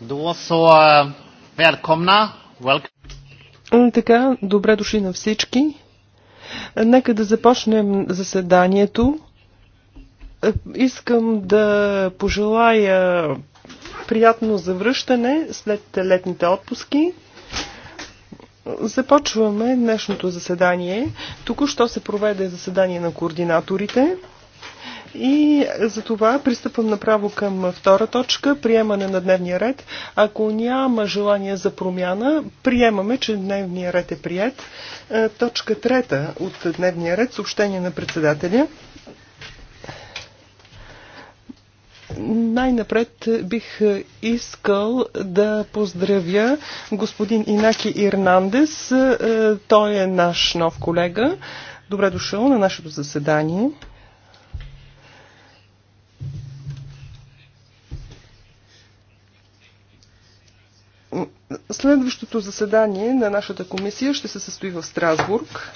Då så, eh, välkomna. Така, добре дошли на всички. Нека да започнем заседанието. Е, искам да пожелая приятно завръщане след летните отпуски. Започваме днешното заседание. Току-що се проведе заседание на координаторите. И за това пристъпвам направо към втора точка, приемане на дневния ред. Ако няма желание за промяна, приемаме, че дневния ред е прият. Е, точка трета от дневния ред, съобщение на председателя. Най-напред бих искал да поздравя господин Инаки Ирнандес. Е, той е наш нов колега. Добре дошъл на нашето заседание. Следващото заседание на нашата комисия ще се състои в Страсбург.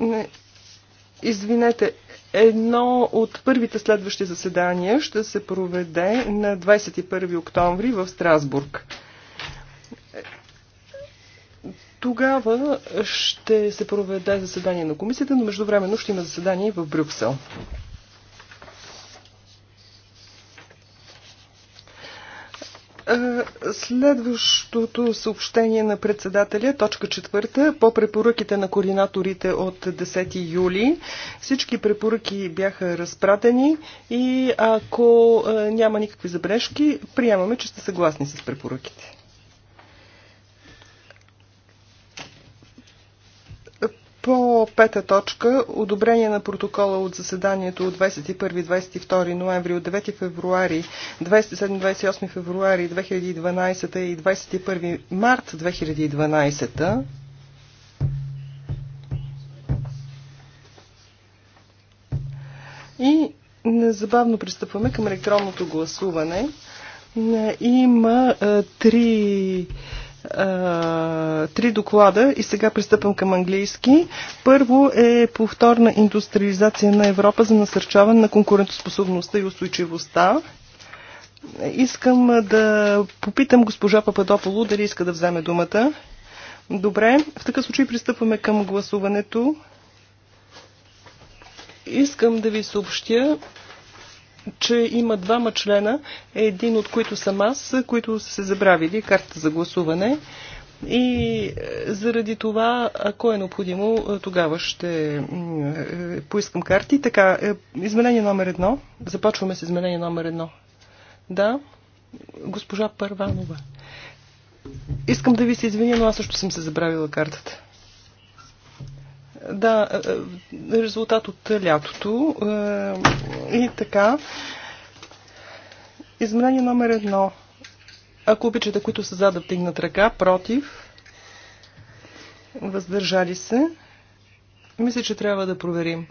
Не, извинете, едно от първите следващи заседания ще се проведе на 21 октомври в Страсбург. Тогава ще се проведе заседание на комисията, но междувременно ще има заседание в Брюксел. Следващото съобщение на председателя, точка четвърта, по препоръките на координаторите от 10 юли. Всички препоръки бяха разпратени и ако няма никакви забележки, приемаме, че сте съгласни с препоръките. По пета точка, одобрение на протокола от заседанието от 21-22 ноември, от 9 февруари, 27-28 февруари 2012 и 21 март 2012. И незабавно пристъпваме към електронното гласуване. Има е, три три доклада и сега пристъпвам към английски. Първо е повторна индустриализация на Европа за насърчаване на конкурентоспособността и устойчивостта. Искам да попитам госпожа Пападополо дали иска да вземе думата. Добре, в такъв случай пристъпваме към гласуването. Искам да ви съобщя, че има двама члена, един от които съм аз, които са се забравили карта за гласуване. И е, заради това, ако е необходимо, е, тогава ще е, поискам карти. Така, изменение номер едно. Започваме с изменение номер едно. Да, госпожа Първанова. Искам да ви се извиня, но аз също съм се забравила картата. Да, е, резултат от лятото. Е, и така. Измерение номер едно. Ако обичате, които са за да вдигнат ръка, против, въздържали се, мисля, че трябва да проверим.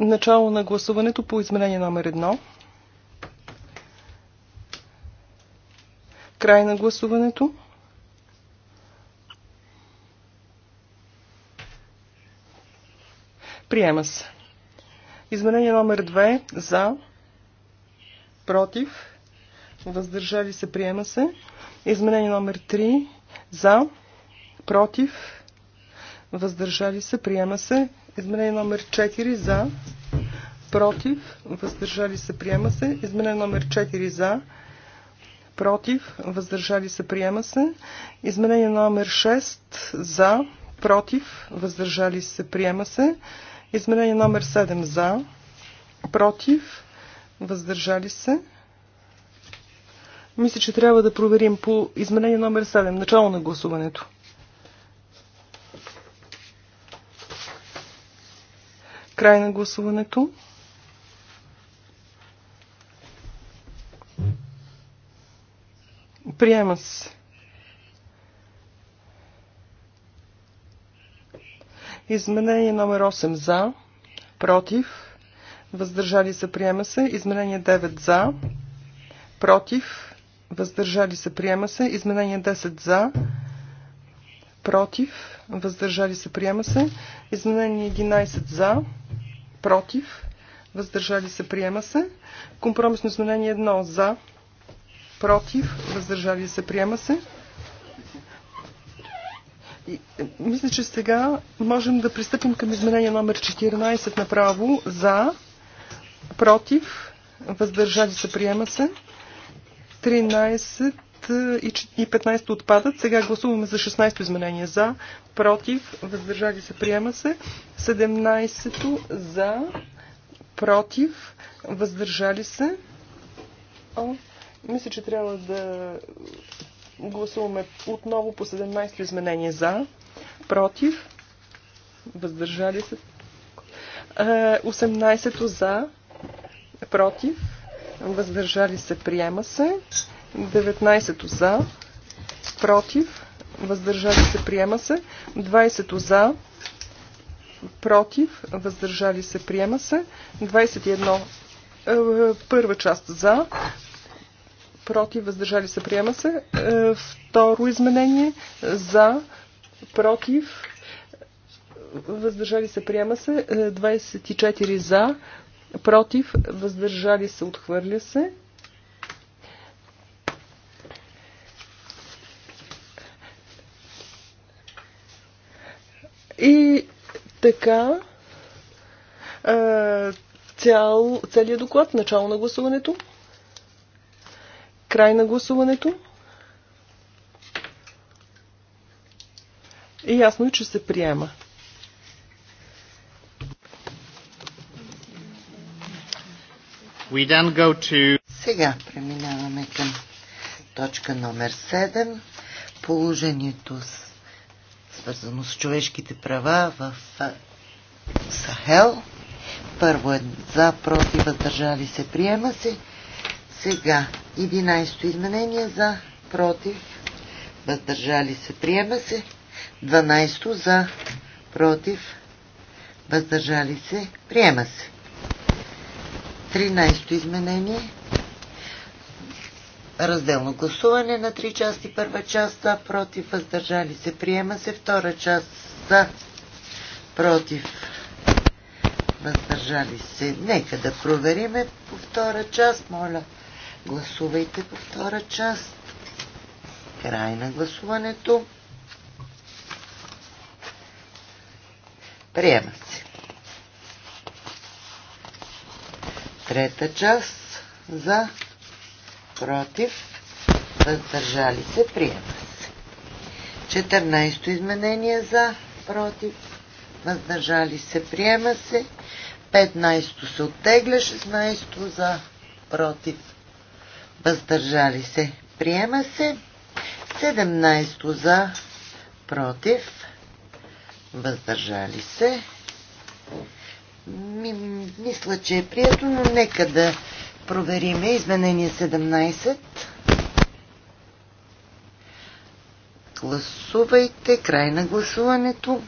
Начало на гласуването по изменение номер едно. Край на гласуването. Приема се. Изменение номер 2 за, против, въздържали се, приема се. Изменение номер 3 за, против, въздържали се, приема се. Изменение номер 4 за, против, въздържали се, приема се. Изменение номер 4 за, против, въздържали се, приема се. Изменение номер 6 за, против, въздържали се, приема се. Изменение номер 7 за, против, въздържали се. Мисля, че трябва да проверим по изменение номер 7, начало на гласуването. Край на гласуването. Приема се. Изменение номер 8 за, против, въздържали се, приема се. Изменение 9 за, против, въздържали се, приема се. Изменение 10 за, против, въздържали се, приема се. Изменение 11 за, против, въздържали се, приема се. Компромисно изменение 1 за, против, въздържали се, приема се. Е, мисля, че сега можем да пристъпим към изменение номер 14 направо. За, против, въздържали се, приема се. 13 е, и 15 отпадат. Сега гласуваме за 16 изменение. За, против, въздържали се, приема се. 17 за, против, въздържали се. О, мисля, че трябва да Гласуваме отново по 17 изменения за, против, въздържали се. 18 е, за, против, въздържали се, приема се. 19 за, против, въздържали се, приема се. 20 за, против, въздържали се, приема се. 21 е, първа част за, против, въздържали се, приема се. Е, второ изменение за, против, въздържали се, приема се. 24 е, за, против, въздържали се, отхвърля се. И така, е, цял, целият доклад, начало на гласуването. Край на гласуването. И ясно е, че се приема. We then go to... Сега преминаваме към точка номер 7. Положението с... свързано с човешките права в Сахел. Първо е за, против, въздържали се, приема се. Сега, 11-то изменение за, против, въздържали се, приема се. 12-то за, против, въздържали се, приема се. 13-то изменение. Разделно гласуване на 3 части. Първа част за, против, въздържали се, приема се. Втора част за, против, въздържали се. Нека да провериме по втора част, моля. Гласувайте по втора част. Край на гласуването. Приема се. Трета част за против. Въздържали се. Приема се. 14 изменение за против. Въздържали се. Приема се. 15 се оттегля. 16 за против въздържали се, приема се. 17 за, против, въздържали се. Ми, мисля, че е прието, но нека да провериме изменение 17. Гласувайте, край на гласуването.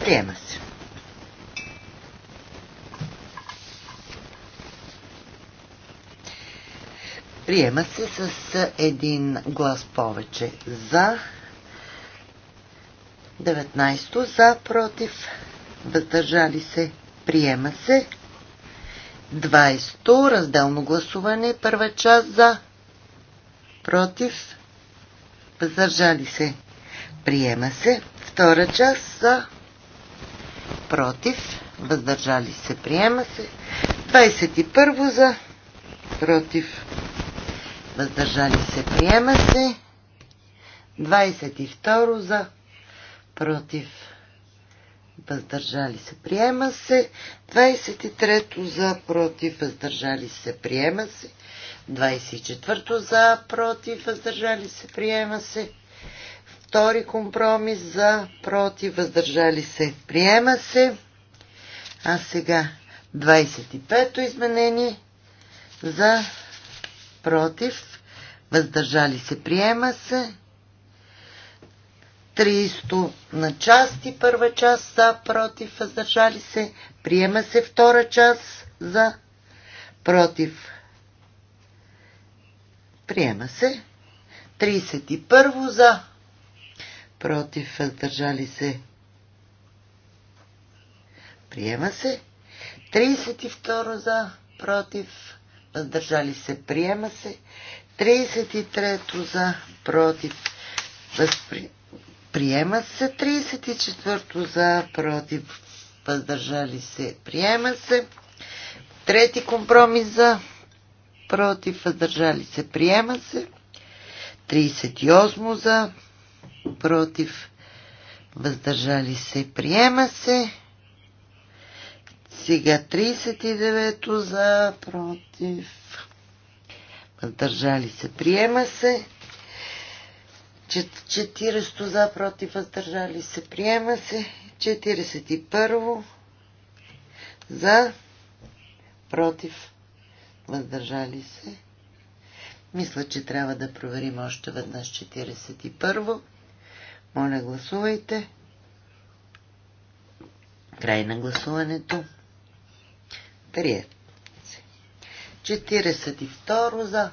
Приема се. Приема се с един глас повече за. 19 за, против, въздържали се, приема се. 20 разделно гласуване, първа част за, против, въздържали се, приема се. Втора част за, против, въздържали се, приема се. 21 за, против, въздържали се, приема се. 22 за, против, въздържали се, приема се. 23 за, против, въздържали се, приема се. 24 за, против, въздържали се, приема се. Втори компромис за, против, въздържали се, приема се. А сега 25-то изменение за против, въздържали се, приема се. 300 на части, първа част за, против, въздържали се, приема се втора част за, против, приема се. 31 за, против, въздържали се, приема се. 32 за, против, въздържали се, приема се. 33-то за, против, възпри... приема се. 34-то за, против, въздържали се, приема се. Трети компромис за, против, въздържали се, приема се. 38 за, против, въздържали се, приема се. Сега 39-то за, против, въздържали се, приема се. 40 за, против, въздържали се, приема се. 41 за, против, въздържали се. Мисля, че трябва да проверим още веднъж 41. Моля, гласувайте. Край на гласуването. 42 за.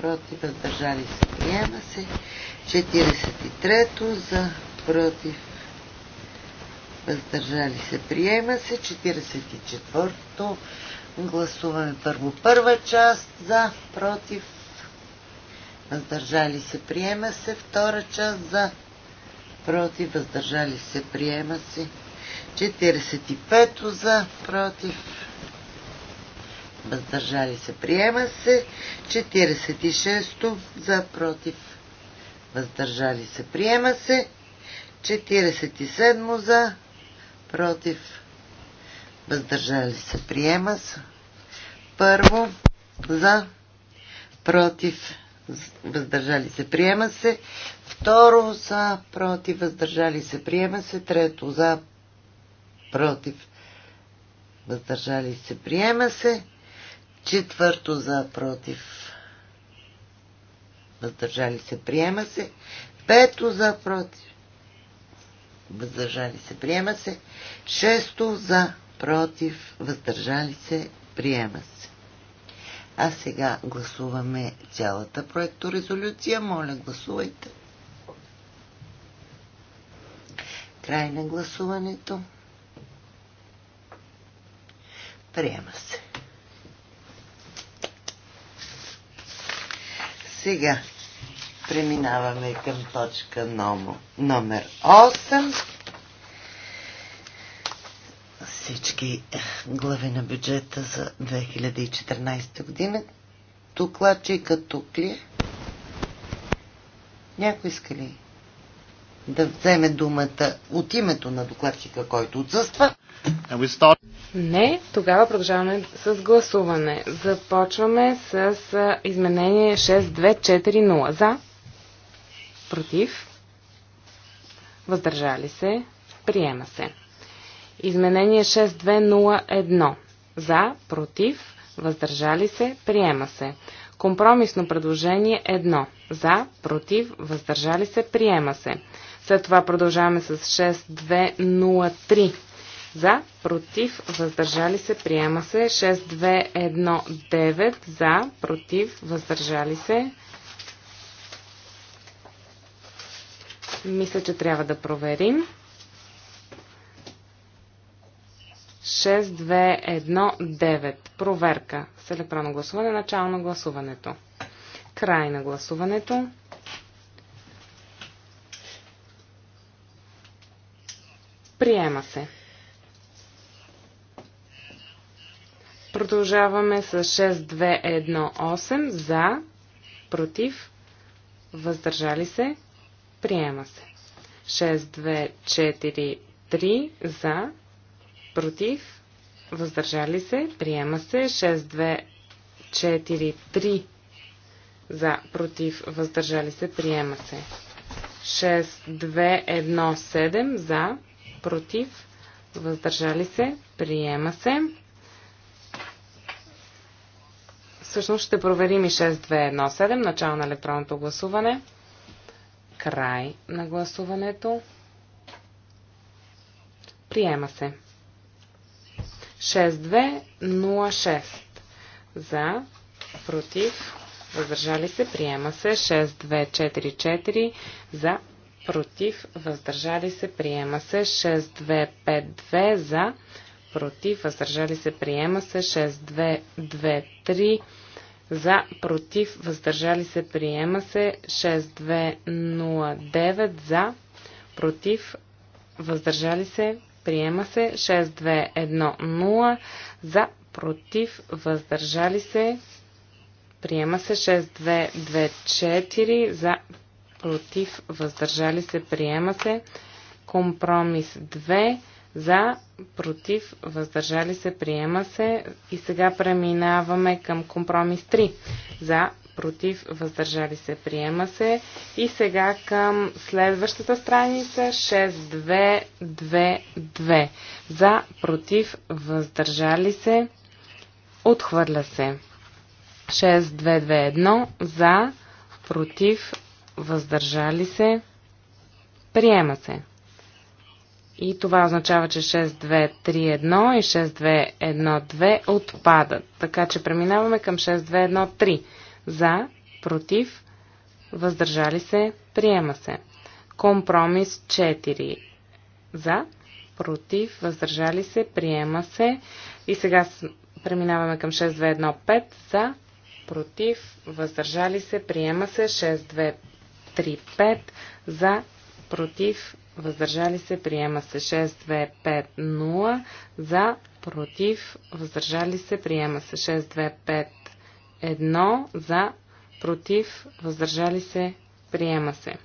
Против. Въздържали се. Приема се. 43 за. Против. Въздържали се. Приема се. 44 Гласуваме първо първа част за. Против. Въздържали се. Приема се. Втора част за. Против. Въздържали се. Приема се. 45 за, против, въздържали се, приема се. 46 за, против, въздържали се, приема се. 47 за, против, въздържали се, приема се. Първо, за, против, въздържали се, приема се. Второ, за, против, въздържали се, приема се. Трето, за, против, въздържали се, приема се. Четвърто за, против, въздържали се, приема се. Пето за, против, въздържали се, приема се. Шесто за, против, въздържали се, приема се. А сега гласуваме цялата проекторезолюция. Моля, гласувайте. Край на гласуването. Приема се. Сега преминаваме към точка номер 8. Всички глави на бюджета за 2014 година. Докладчика тук кли. Е? Някой иска ли да вземе думата от името на докладчика, който отсъства? Start... Не, тогава продължаваме с гласуване. Започваме с изменение 6240. За. Против. Въздържали се. Приема се. Изменение 6201. За. Против. Въздържали се. Приема се. Компромисно предложение 1. За. Против. Въздържали се. Приема се. След това продължаваме с 6203 за, против, въздържали се, приема се. 6219 за, против, въздържали се. Мисля, че трябва да проверим. 6219. Проверка с електронно гласуване. Начало на гласуването. Край на гласуването. Приема се. Продължаваме с 6218 за, против, въздържали се, приема се. 6243 за, против, въздържали се, приема се. 6243 за, против, въздържали се, приема се. 6217 за, против, въздържали се, приема се. Всъщност ще проверим и 6217, начало на електронното гласуване, край на гласуването. Приема се. 6206 за, против, въздържали се, приема се. 6244 за, против, въздържали се, приема се. 6252 за, против, въздържали се, приема се. 6223 за, против, въздържали се, приема се. 6209 за, против, въздържали се, приема се. 6210 за, против, въздържали се, приема се. 6224 за, против, въздържали се, приема се. Компромис 2 за, против, въздържали се, приема се. И сега преминаваме към компромис 3. За, против, въздържали се, приема се. И сега към следващата страница 6222. За, против, въздържали се, отхвърля се. 6221 за, против, въздържали се, приема се. И това означава, че 6231 и 6212 отпадат. Така че преминаваме към 6213. За, против, въздържали се, приема се. Компромис 4. За, против, въздържали се, приема се. И сега преминаваме към 6215. За, против, въздържали се, приема се. 6235. За, против, въздържали се, приема се 6250 за, против, въздържали се, приема се 6251 за, против, въздържали се, приема се.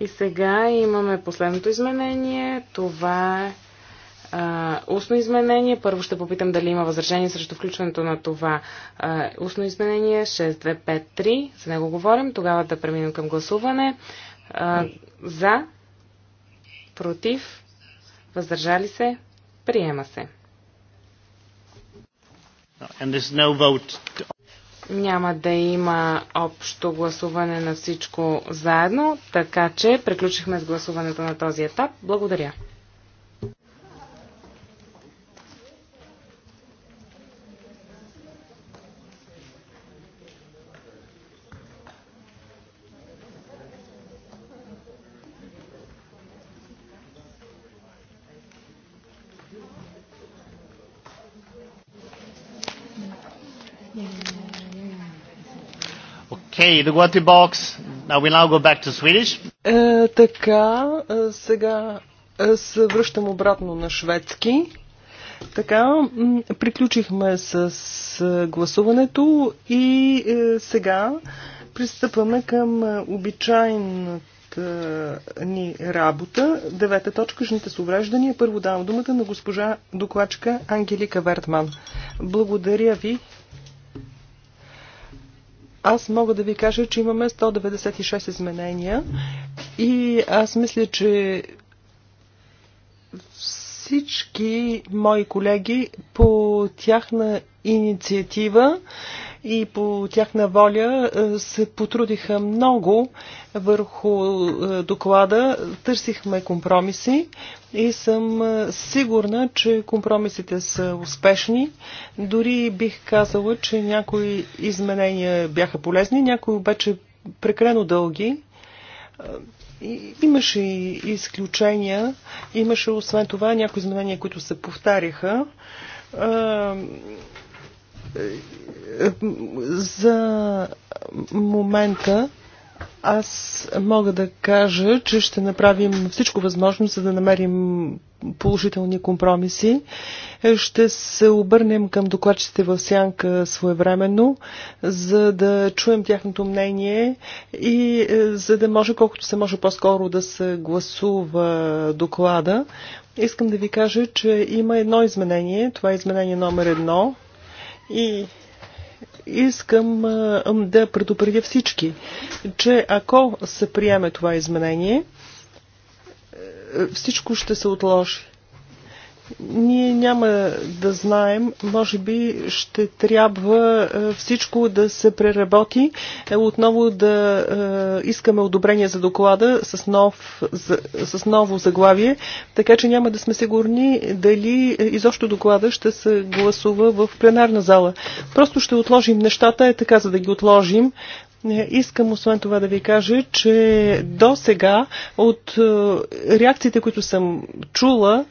И сега имаме последното изменение. Това е а, устно изменение. Първо ще попитам дали има възражение срещу включването на това а, устно изменение 6253. За него говорим. Тогава да преминем към гласуване. А, за, против, въздържали се, приема се. And there's no vote няма да има общо гласуване на всичко заедно, така че приключихме с гласуването на този етап. Благодаря. Okay, да ти бокс. Now we now go back to Swedish. Е, така, е, сега е, се връщам обратно на шведски. Така, приключихме с, с е, гласуването и сега пристъпваме към обичайната ни работа. Девета точка – жените с увреждания. Първо давам думата на госпожа докладчика Ангелика Вертман. Благодаря ви. Аз мога да ви кажа, че имаме 196 изменения и аз мисля, че всички мои колеги по тяхна инициатива и по тяхна воля е, се потрудиха много върху е, доклада. Търсихме компромиси и съм е, сигурна, че компромисите са успешни. Дори бих казала, че някои изменения бяха полезни, някои обаче прекалено дълги. Имаше и изключения. Имаше освен това някои изменения, които се повтаряха за момента аз мога да кажа, че ще направим всичко възможно, за да намерим положителни компромиси. Ще се обърнем към докладчите в Сянка своевременно, за да чуем тяхното мнение и е, за да може колкото се може по-скоро да се гласува доклада. Искам да ви кажа, че има едно изменение. Това е изменение номер едно – и искам да предупредя всички, че ако се приеме това изменение, е, всичко ще се отложи ние няма да знаем. Може би ще трябва е, всичко да се преработи. Е, отново да е, искаме одобрение за доклада с, нов, с ново заглавие, така че няма да сме сигурни дали изобщо доклада ще се гласува в пленарна зала. Просто ще отложим нещата, е така, за да ги отложим. Искам освен това да ви кажа, че до сега от е, реакциите, които съм чула,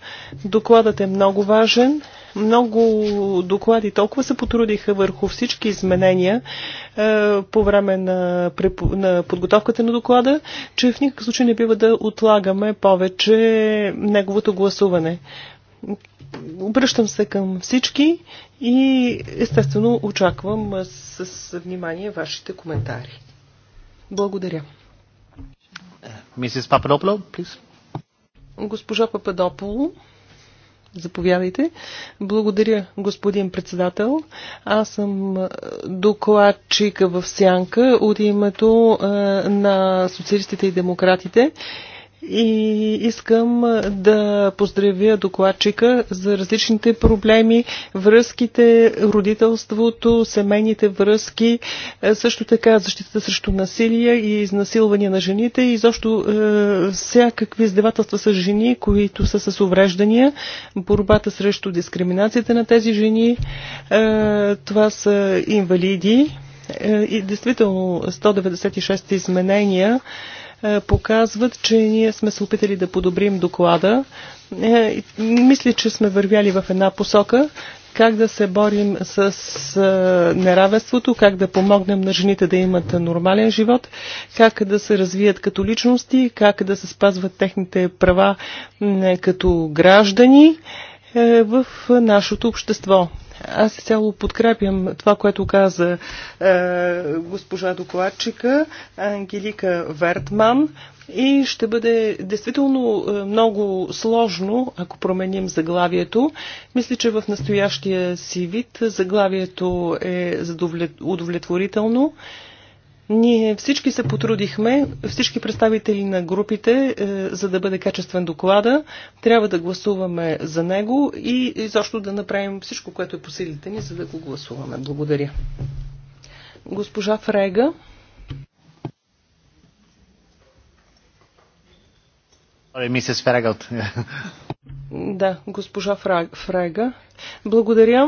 докладът е много важен. Много доклади толкова се потрудиха върху всички изменения е, по време на, на подготовката на доклада, че в никакъв случай не бива да отлагаме повече неговото гласуване. Обръщам се към всички и естествено очаквам с внимание вашите коментари. Благодаря. Мисис Пападополо, плиз. Госпожа Пападополо. Заповядайте. Благодаря, господин председател. Аз съм докладчика в Сянка от името на социалистите и демократите и искам да поздравя докладчика за различните проблеми, връзките, родителството, семейните връзки, също така защитата срещу насилие и изнасилване на жените и защо е, всякакви издевателства с жени, които са с увреждания, борбата срещу дискриминацията на тези жени, е, това са инвалиди. И действително 196 изменения е, показват, че ние сме се опитали да подобрим доклада. Е, мисля, че сме вървяли в една посока как да се борим с е, неравенството, как да помогнем на жените да имат нормален живот, как да се развият като личности, как да се спазват техните права като граждани в нашето общество. Аз цяло подкрепям това, което каза е, госпожа докладчика Ангелика Вертман. И ще бъде действително е, много сложно, ако променим заглавието. Мисля, че в настоящия си вид заглавието е удовлетворително. Ние всички се потрудихме, всички представители на групите, е, за да бъде качествен доклада, трябва да гласуваме за него и изобщо да направим всичко, което е по силите ни, за да го гласуваме. Благодаря. Госпожа Фрега. Мисис Фрегълт. Да, госпожа Фрега. Благодаря.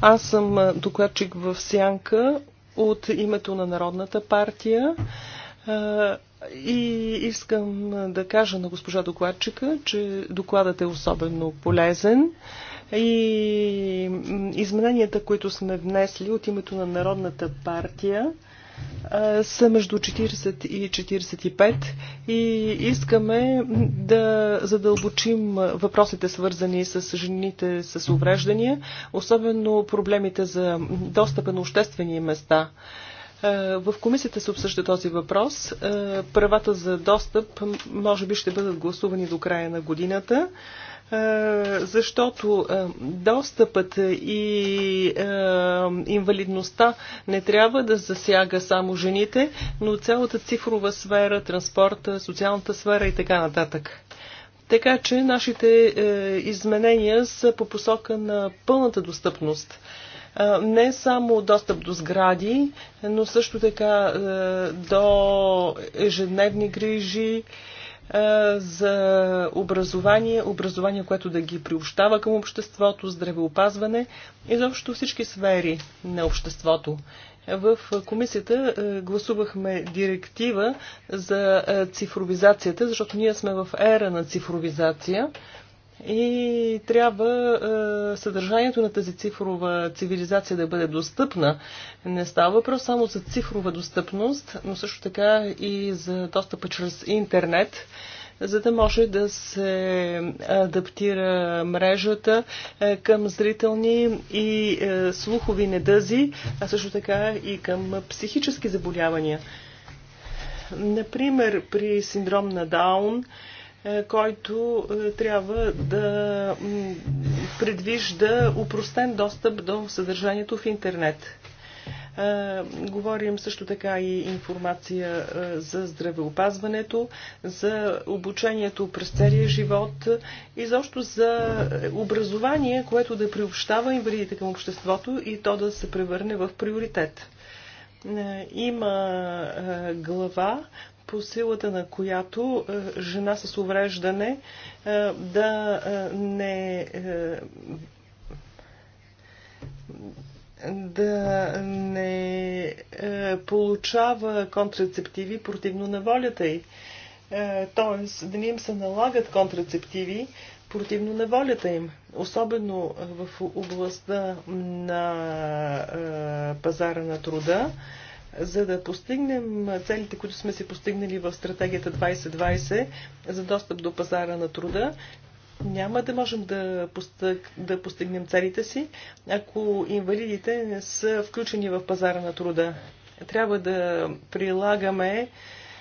Аз съм докладчик в Сянка от името на Народната партия. И искам да кажа на госпожа докладчика, че докладът е особено полезен и измененията, които сме внесли от името на Народната партия, са между 40 и 45 и искаме да задълбочим въпросите свързани с жените с увреждания, особено проблемите за достъпа на обществени места. В комисията се обсъжда този въпрос. Правата за достъп може би ще бъдат гласувани до края на годината защото достъпът и инвалидността не трябва да засяга само жените, но цялата цифрова сфера, транспорта, социалната сфера и така нататък. Така че нашите е, изменения са по посока на пълната достъпност. не само достъп до сгради, но също така е, до ежедневни грижи, за образование, образование, което да ги приобщава към обществото, здравеопазване и заобщо всички сфери на обществото. В комисията гласувахме директива за цифровизацията, защото ние сме в ера на цифровизация и трябва е, съдържанието на тази цифрова цивилизация да бъде достъпна. Не става въпрос само за цифрова достъпност, но също така и за достъпа чрез интернет за да може да се адаптира мрежата е, към зрителни и е, слухови недъзи, а също така и към психически заболявания. Например, при синдром на Даун е, който е, трябва да предвижда упростен достъп до съдържанието в интернет. Е, говорим също така и информация за здравеопазването, за обучението през целия живот и защо за образование, което да приобщава инвалидите към обществото и то да се превърне в приоритет има глава, по силата на която е, жена с увреждане е, е, да не да не получава контрацептиви противно на волята й. Тоест да не им се налагат контрацептиви противно на волята им. Особено в областта на пазара на труда за да постигнем целите, които сме си постигнали в стратегията 2020 за достъп до пазара на труда, няма да можем да, постъг, да постигнем целите си, ако инвалидите не са включени в пазара на труда. Трябва да прилагаме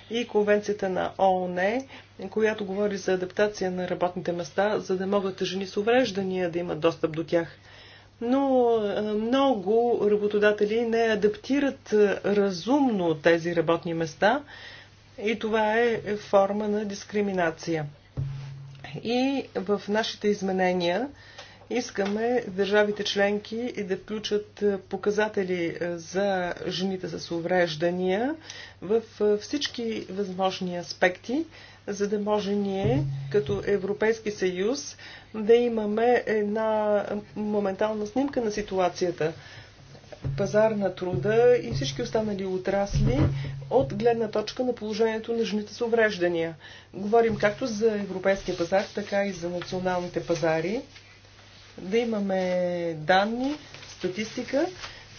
и конвенцията на ООН, която говори за адаптация на работните места, за да могат жени с увреждания да имат достъп до тях но много работодатели не адаптират разумно тези работни места и това е форма на дискриминация. И в нашите изменения искаме държавите членки да включат показатели за жените с увреждания в всички възможни аспекти, за да може ние, като Европейски съюз, да имаме една моментална снимка на ситуацията. Пазар на труда и всички останали отрасли от гледна точка на положението на жените с увреждания. Говорим както за европейския пазар, така и за националните пазари. Да имаме данни, статистика,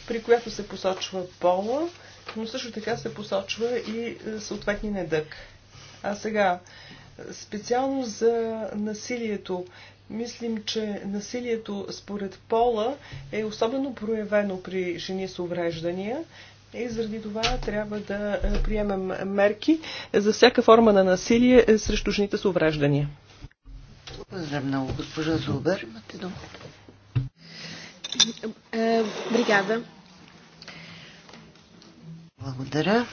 при която се посочва пола, но също така се посочва и съответния недък. А сега, специално за насилието. Мислим, че насилието според пола е особено проявено при жени с увреждания. И заради това трябва да е, приемем мерки за всяка форма на насилие е, срещу жените с увреждания. Благодаря много, госпожа Зубер. Имате думата. Е, бригада. Благодаря.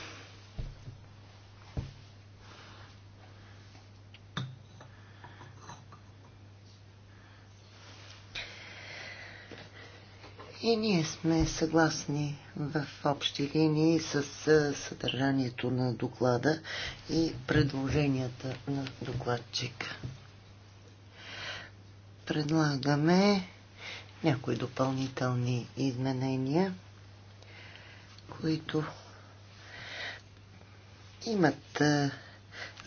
И ние сме съгласни в общи линии с съдържанието на доклада и предложенията на докладчика. Предлагаме някои допълнителни изменения, които имат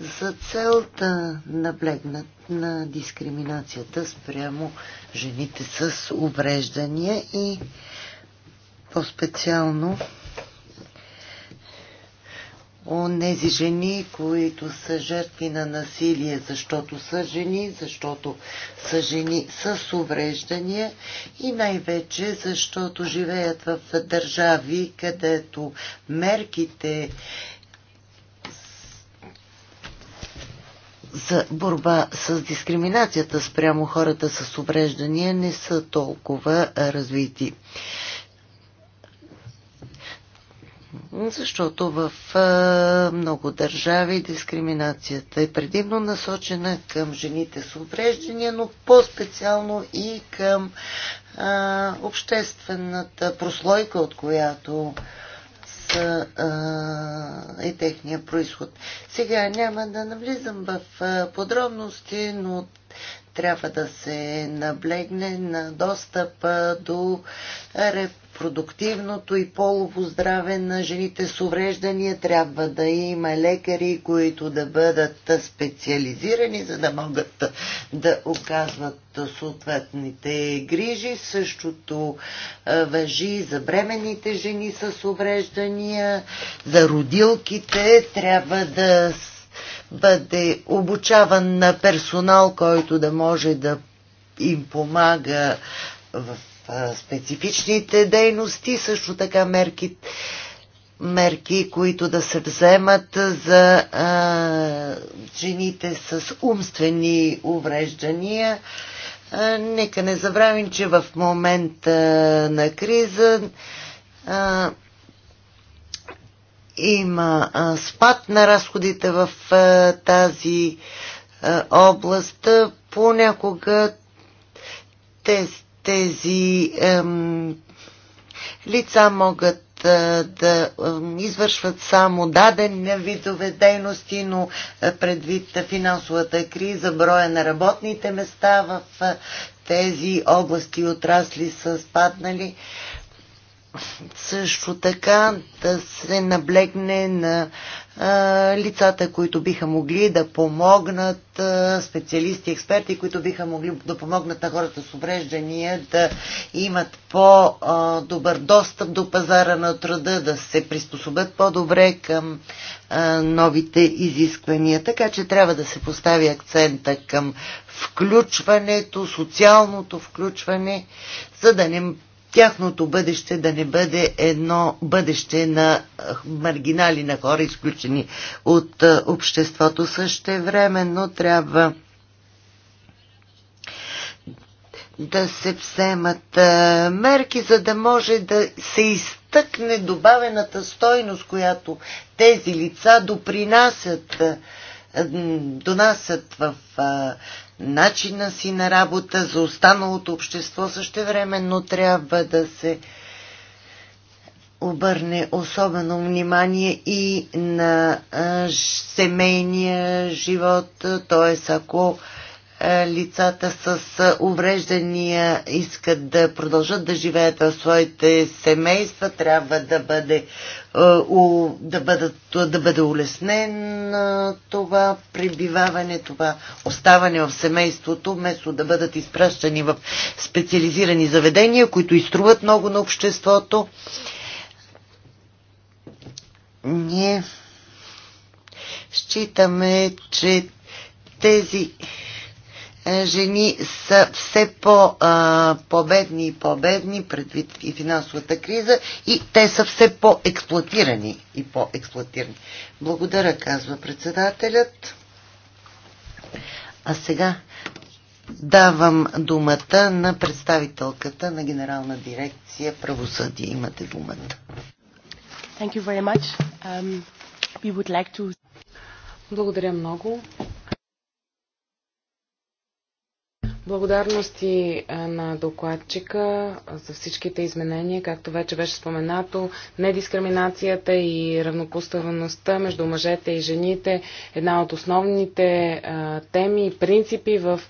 за цел да наблегнат на дискриминацията спрямо жените с увреждания и по-специално онези жени, които са жертви на насилие, защото са жени, защото са жени с увреждания и най-вече защото живеят в държави, където мерките за борба с дискриминацията спрямо хората с увреждания не са толкова развити. Защото в много държави дискриминацията е предимно насочена към жените с увреждания, но по-специално и към а, обществената прослойка, от която а, а, е техния происход. Сега няма да навлизам в подробности, но трябва да се наблегне на достъпа до репродуктивното и полово здраве на жените с увреждания. Трябва да има лекари, които да бъдат специализирани, за да могат да оказват съответните грижи. Същото въжи за бременните жени с увреждания, за родилките. Трябва да бъде обучаван на персонал, който да може да им помага в специфичните дейности, също така мерки, мерки които да се вземат за а, жените с умствени увреждания. А, нека не забравим, че в момента на криза а, има спад на разходите в тази област. Понякога тези, тези ем, лица могат да извършват само дадени видове дейности, но е, предвид финансовата криза, броя на работните места в е, тези области и отрасли са спаднали също така да се наблегне на а, лицата, които биха могли да помогнат, а, специалисти, експерти, които биха могли да помогнат на хората с увреждания да имат по-добър достъп до пазара на труда, да се приспособят по-добре към а, новите изисквания. Така че трябва да се постави акцента към включването, социалното включване, за да не тяхното бъдеще да не бъде едно бъдеще на маргинали, на хора, изключени от обществото. Същевременно трябва да се вземат мерки, за да може да се изтъкне добавената стойност, която тези лица допринасят донасят в начина си на работа, за останалото общество също време, но трябва да се обърне особено внимание и на а, семейния живот, т.е. ако а, лицата с а, увреждания искат да продължат да живеят в своите семейства, трябва да бъде е, да, бъдат, да бъде улеснен е, това пребиваване, това оставане в семейството, вместо да бъдат изпращани в специализирани заведения, които изтруват много на обществото. Ние считаме, че тези е, жени са все по, а, победни и по-бедни предвид и финансовата криза и те са все по-експлуатирани и по-експлуатирани. Благодаря, казва председателят. А сега давам думата на представителката на Генерална дирекция правосъдие. Имате думата. Thank you very much. Um, we would like to... Благодаря много. Благодарности на докладчика за всичките изменения, както вече беше споменато, недискриминацията и равнопоставеността между мъжете и жените е една от основните теми и принципи в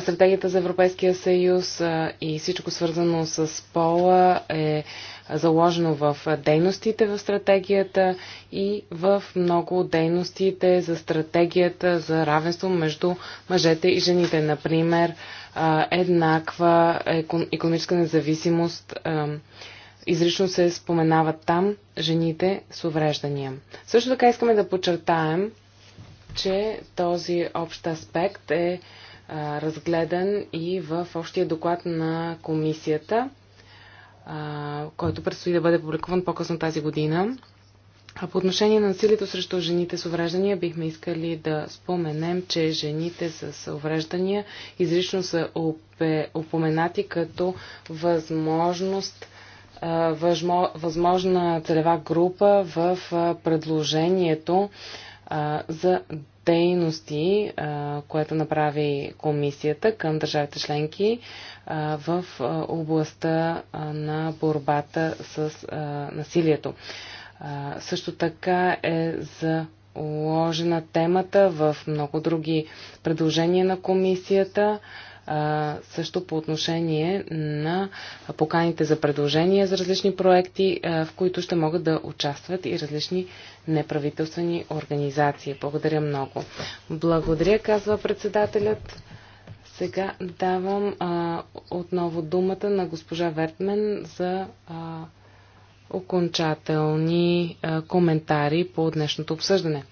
стратегията за Европейския съюз и всичко свързано с пола е заложено в дейностите в стратегията и в много от дейностите за стратегията за равенство между мъжете и жените. Например, еднаква економическа независимост изрично се споменават там жените с увреждания. Също така искаме да подчертаем, че този общ аспект е разгледан и в общия доклад на комисията който предстои да бъде публикуван по-късно тази година. А по отношение на насилието срещу жените с увреждания, бихме искали да споменем, че жените с увреждания изрично са упоменати като възможност възможна целева група в предложението за дейности, което направи комисията към държавите членки в областта на борбата с насилието. Също така е заложена темата в много други предложения на комисията също по отношение на поканите за предложения за различни проекти, в които ще могат да участват и различни неправителствени организации. Благодаря много. Благодаря, казва председателят. Сега давам а, отново думата на госпожа Вертмен за а, окончателни а, коментари по днешното обсъждане.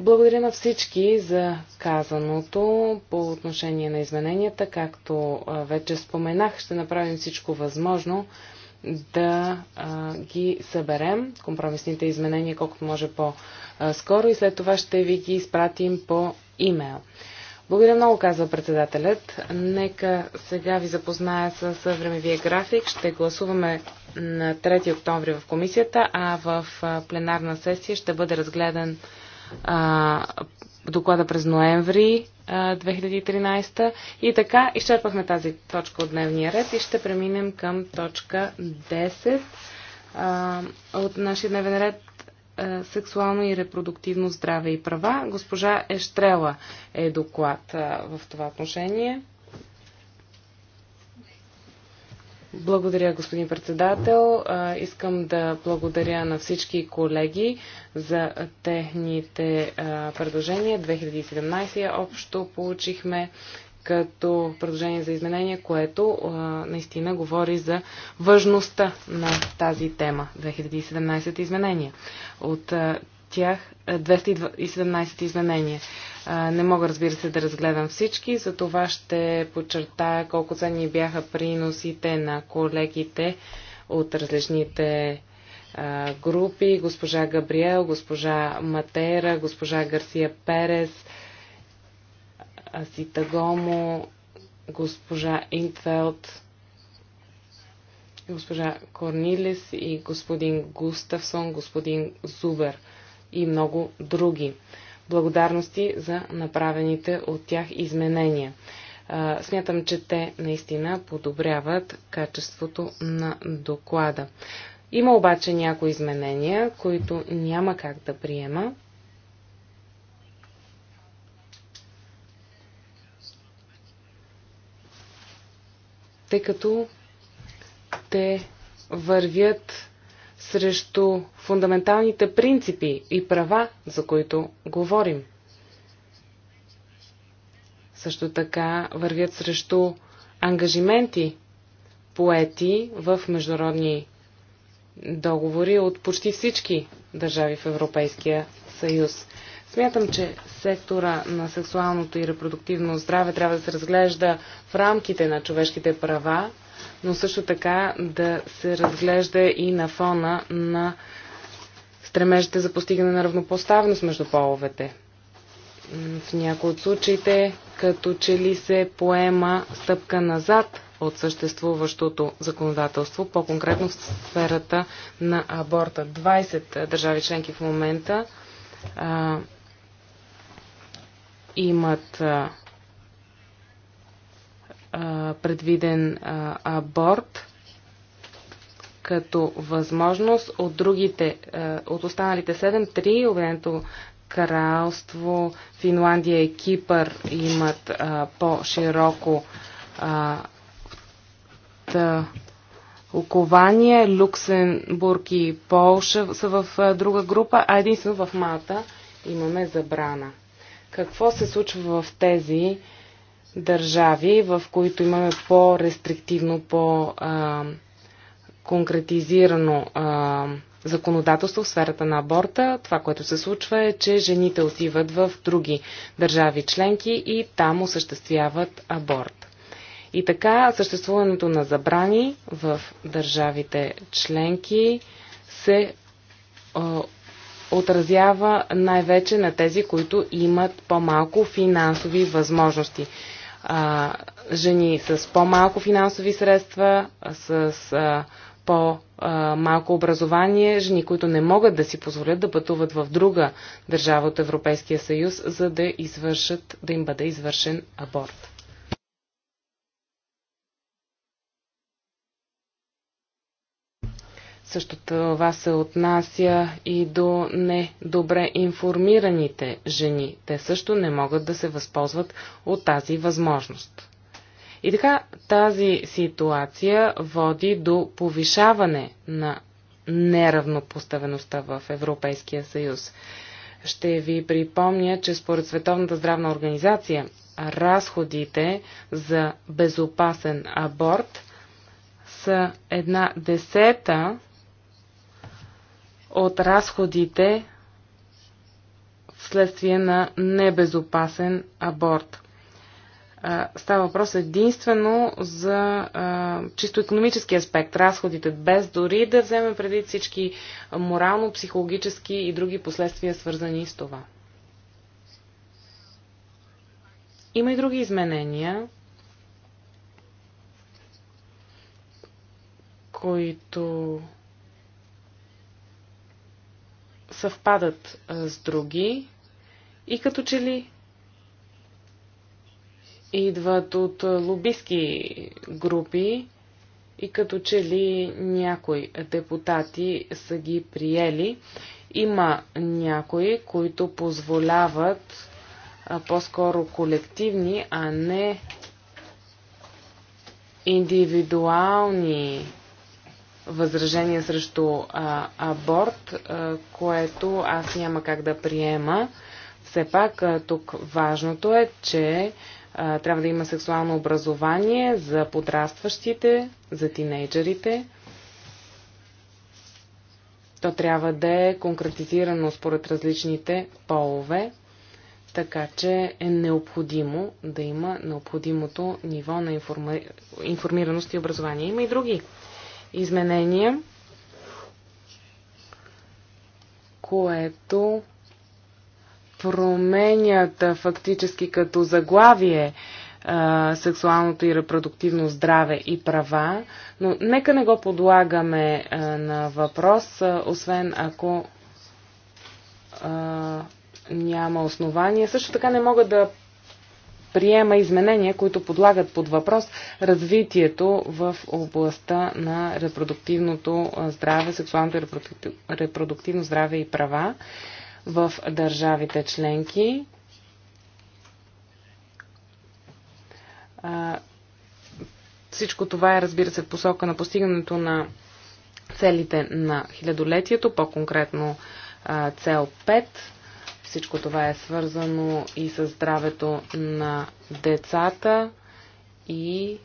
Благодаря на всички за казаното по отношение на измененията. Както вече споменах, ще направим всичко възможно да ги съберем, компромисните изменения, колкото може по-скоро и след това ще ви ги изпратим по имейл. Благодаря много, казва председателят. Нека сега ви запозная с времевия график. Ще гласуваме на 3 октомври в комисията, а в пленарна сесия ще бъде разгледан а, доклада през ноември 2013. И така, изчерпахме тази точка от дневния ред и ще преминем към точка 10 а, от нашия дневен ред сексуално и репродуктивно здраве и права. Госпожа Ещрела е доклад а, в това отношение. Благодаря, господин председател. Искам да благодаря на всички колеги за техните предложения. 2017 общо получихме като предложение за изменение, което а, наистина говори за важността на тази тема. 2017 изменения. От а, тях 217 е, изменения. Не мога, разбира се, да разгледам всички, за това ще подчертая колко ценни бяха приносите на колегите от различните групи, госпожа Габриел, госпожа Матера, госпожа Гарсия Перес, Гомо, госпожа Интфелд, госпожа Корнилис и господин Густавсон, господин Зубер – и много други. Благодарности за направените от тях изменения. Смятам, че те наистина подобряват качеството на доклада. Има обаче някои изменения, които няма как да приема. Тъй като те вървят срещу фундаменталните принципи и права, за които говорим. Също така вървят срещу ангажименти, поети в международни договори от почти всички държави в Европейския съюз. Смятам, че сектора на сексуалното и репродуктивно здраве трябва да се разглежда в рамките на човешките права но също така да се разглежда и на фона на стремежите за постигане на равнопоставност между половете. В някои от случаите, като че ли се поема стъпка назад от съществуващото законодателство, по-конкретно в сферата на аборта. 20 държави членки в момента а, имат а, предвиден а, аборт като възможност от другите, а, от останалите 7, 3, Обединеното кралство, Финландия и Кипър имат по-широко Окование, Люксембург и Полша са в а, друга група, а единствено в Малта имаме забрана. Какво се случва в тези държави, в които имаме по-рестриктивно, по-конкретизирано законодателство в сферата на аборта, това, което се случва е, че жените отиват в други държави членки и там осъществяват аборт. И така, съществуването на забрани в държавите членки се отразява най-вече на тези, които имат по-малко финансови възможности а, жени с по-малко финансови средства, с а, по-малко образование, жени, които не могат да си позволят да пътуват в друга държава от Европейския съюз, за да, извършат, да им бъде извършен аборт. Същото това се отнася и до недобре информираните жени. Те също не могат да се възползват от тази възможност. И така тази ситуация води до повишаване на неравнопоставеността в Европейския съюз. Ще ви припомня, че според Световната здравна организация разходите за безопасен аборт са една десета от разходите вследствие на небезопасен аборт. Става въпрос единствено за а, чисто економически аспект, разходите, без дори да вземем преди всички морално, психологически и други последствия, свързани с това. Има и други изменения, които съвпадат с други и като че ли идват от лобистки групи и като че ли някои депутати са ги приели. Има някои, които позволяват по-скоро колективни, а не индивидуални възражение срещу а, аборт, а, което аз няма как да приема. Все пак а, тук важното е, че а, трябва да има сексуално образование за подрастващите, за тинейджерите. То трябва да е конкретизирано според различните полове, така че е необходимо да има необходимото ниво на информи... информираност и образование. Има и други изменение, което променят фактически като заглавие а, сексуалното и репродуктивно здраве и права, но нека не го подлагаме а, на въпрос, а, освен ако няма основания. Също така не мога да приема изменения, които подлагат под въпрос развитието в областта на репродуктивното здраве, сексуалното и репродуктивно здраве и права в държавите членки. Всичко това е, разбира се, в посока на постигането на целите на хилядолетието, по-конкретно цел 5 всичко това е свързано и с здравето на децата и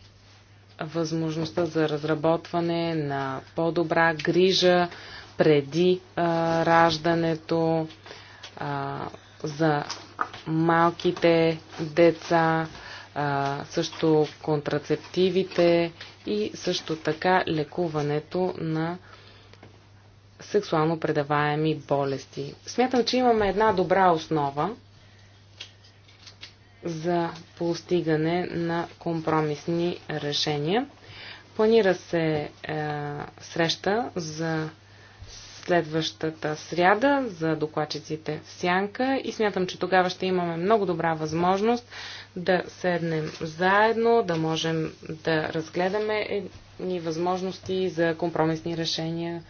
възможността за разработване на по-добра грижа преди а, раждането а, за малките деца, а, също контрацептивите и също така лекуването на сексуално предаваеми болести. Смятам, че имаме една добра основа за постигане на компромисни решения. Планира се е, среща за следващата сряда за докладчиците в Сянка и смятам, че тогава ще имаме много добра възможност да седнем заедно, да можем да разгледаме ни възможности за компромисни решения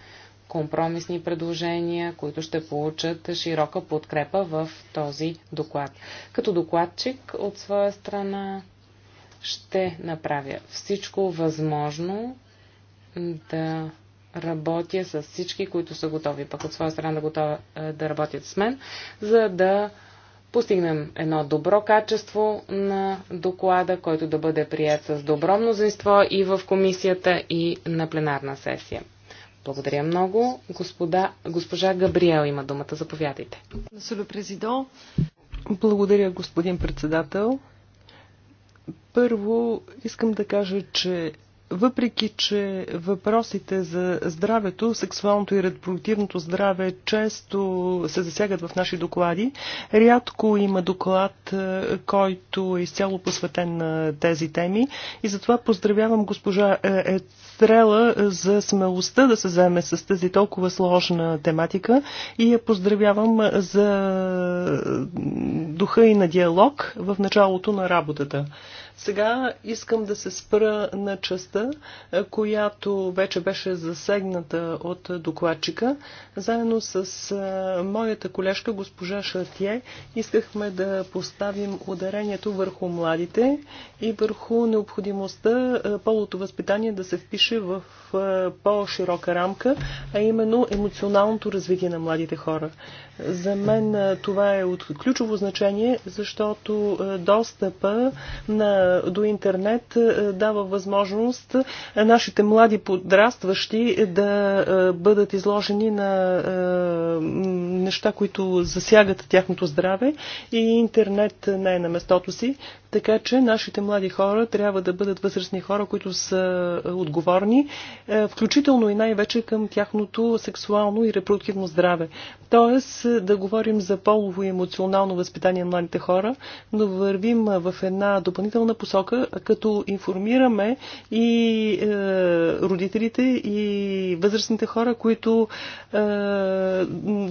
компромисни предложения, които ще получат широка подкрепа в този доклад. Като докладчик от своя страна ще направя всичко възможно да работя с всички, които са готови, пък от своя страна да, готова, е, да работят с мен, за да постигнем едно добро качество на доклада, който да бъде прият с добро мнозинство и в комисията, и на пленарна сесия. Благодаря много. Господа, госпожа Габриел има думата. Заповядайте. Благодаря, господин председател. Първо искам да кажа, че въпреки че въпросите за здравето, сексуалното и репродуктивното здраве често се засягат в наши доклади, рядко има доклад, е, който е изцяло посветен на тези теми и затова поздравявам госпожа Естрела е, за смелостта да се заеме с тази толкова сложна тематика и я поздравявам е, за духа и на диалог в началото на работата. Сега искам да се спра на частта, е, която вече беше засегната от докладчика. Заедно с е, моята колежка госпожа Шартие искахме да поставим ударението върху младите и върху необходимостта е, полото възпитание да се впише в по-широка рамка, а именно емоционалното развитие на младите хора. За мен това е от ключово значение, защото достъпа на, до интернет дава възможност нашите млади подрастващи да бъдат изложени на неща, които засягат тяхното здраве и интернет не е на местото си. Така че нашите млади хора трябва да бъдат възрастни хора, които са отговорни, включително и най-вече към тяхното сексуално и репродуктивно здраве. Тоест, да говорим за полово и емоционално възпитание на младите хора, но вървим в една допълнителна посока, като информираме и е, родителите, и възрастните хора, които е,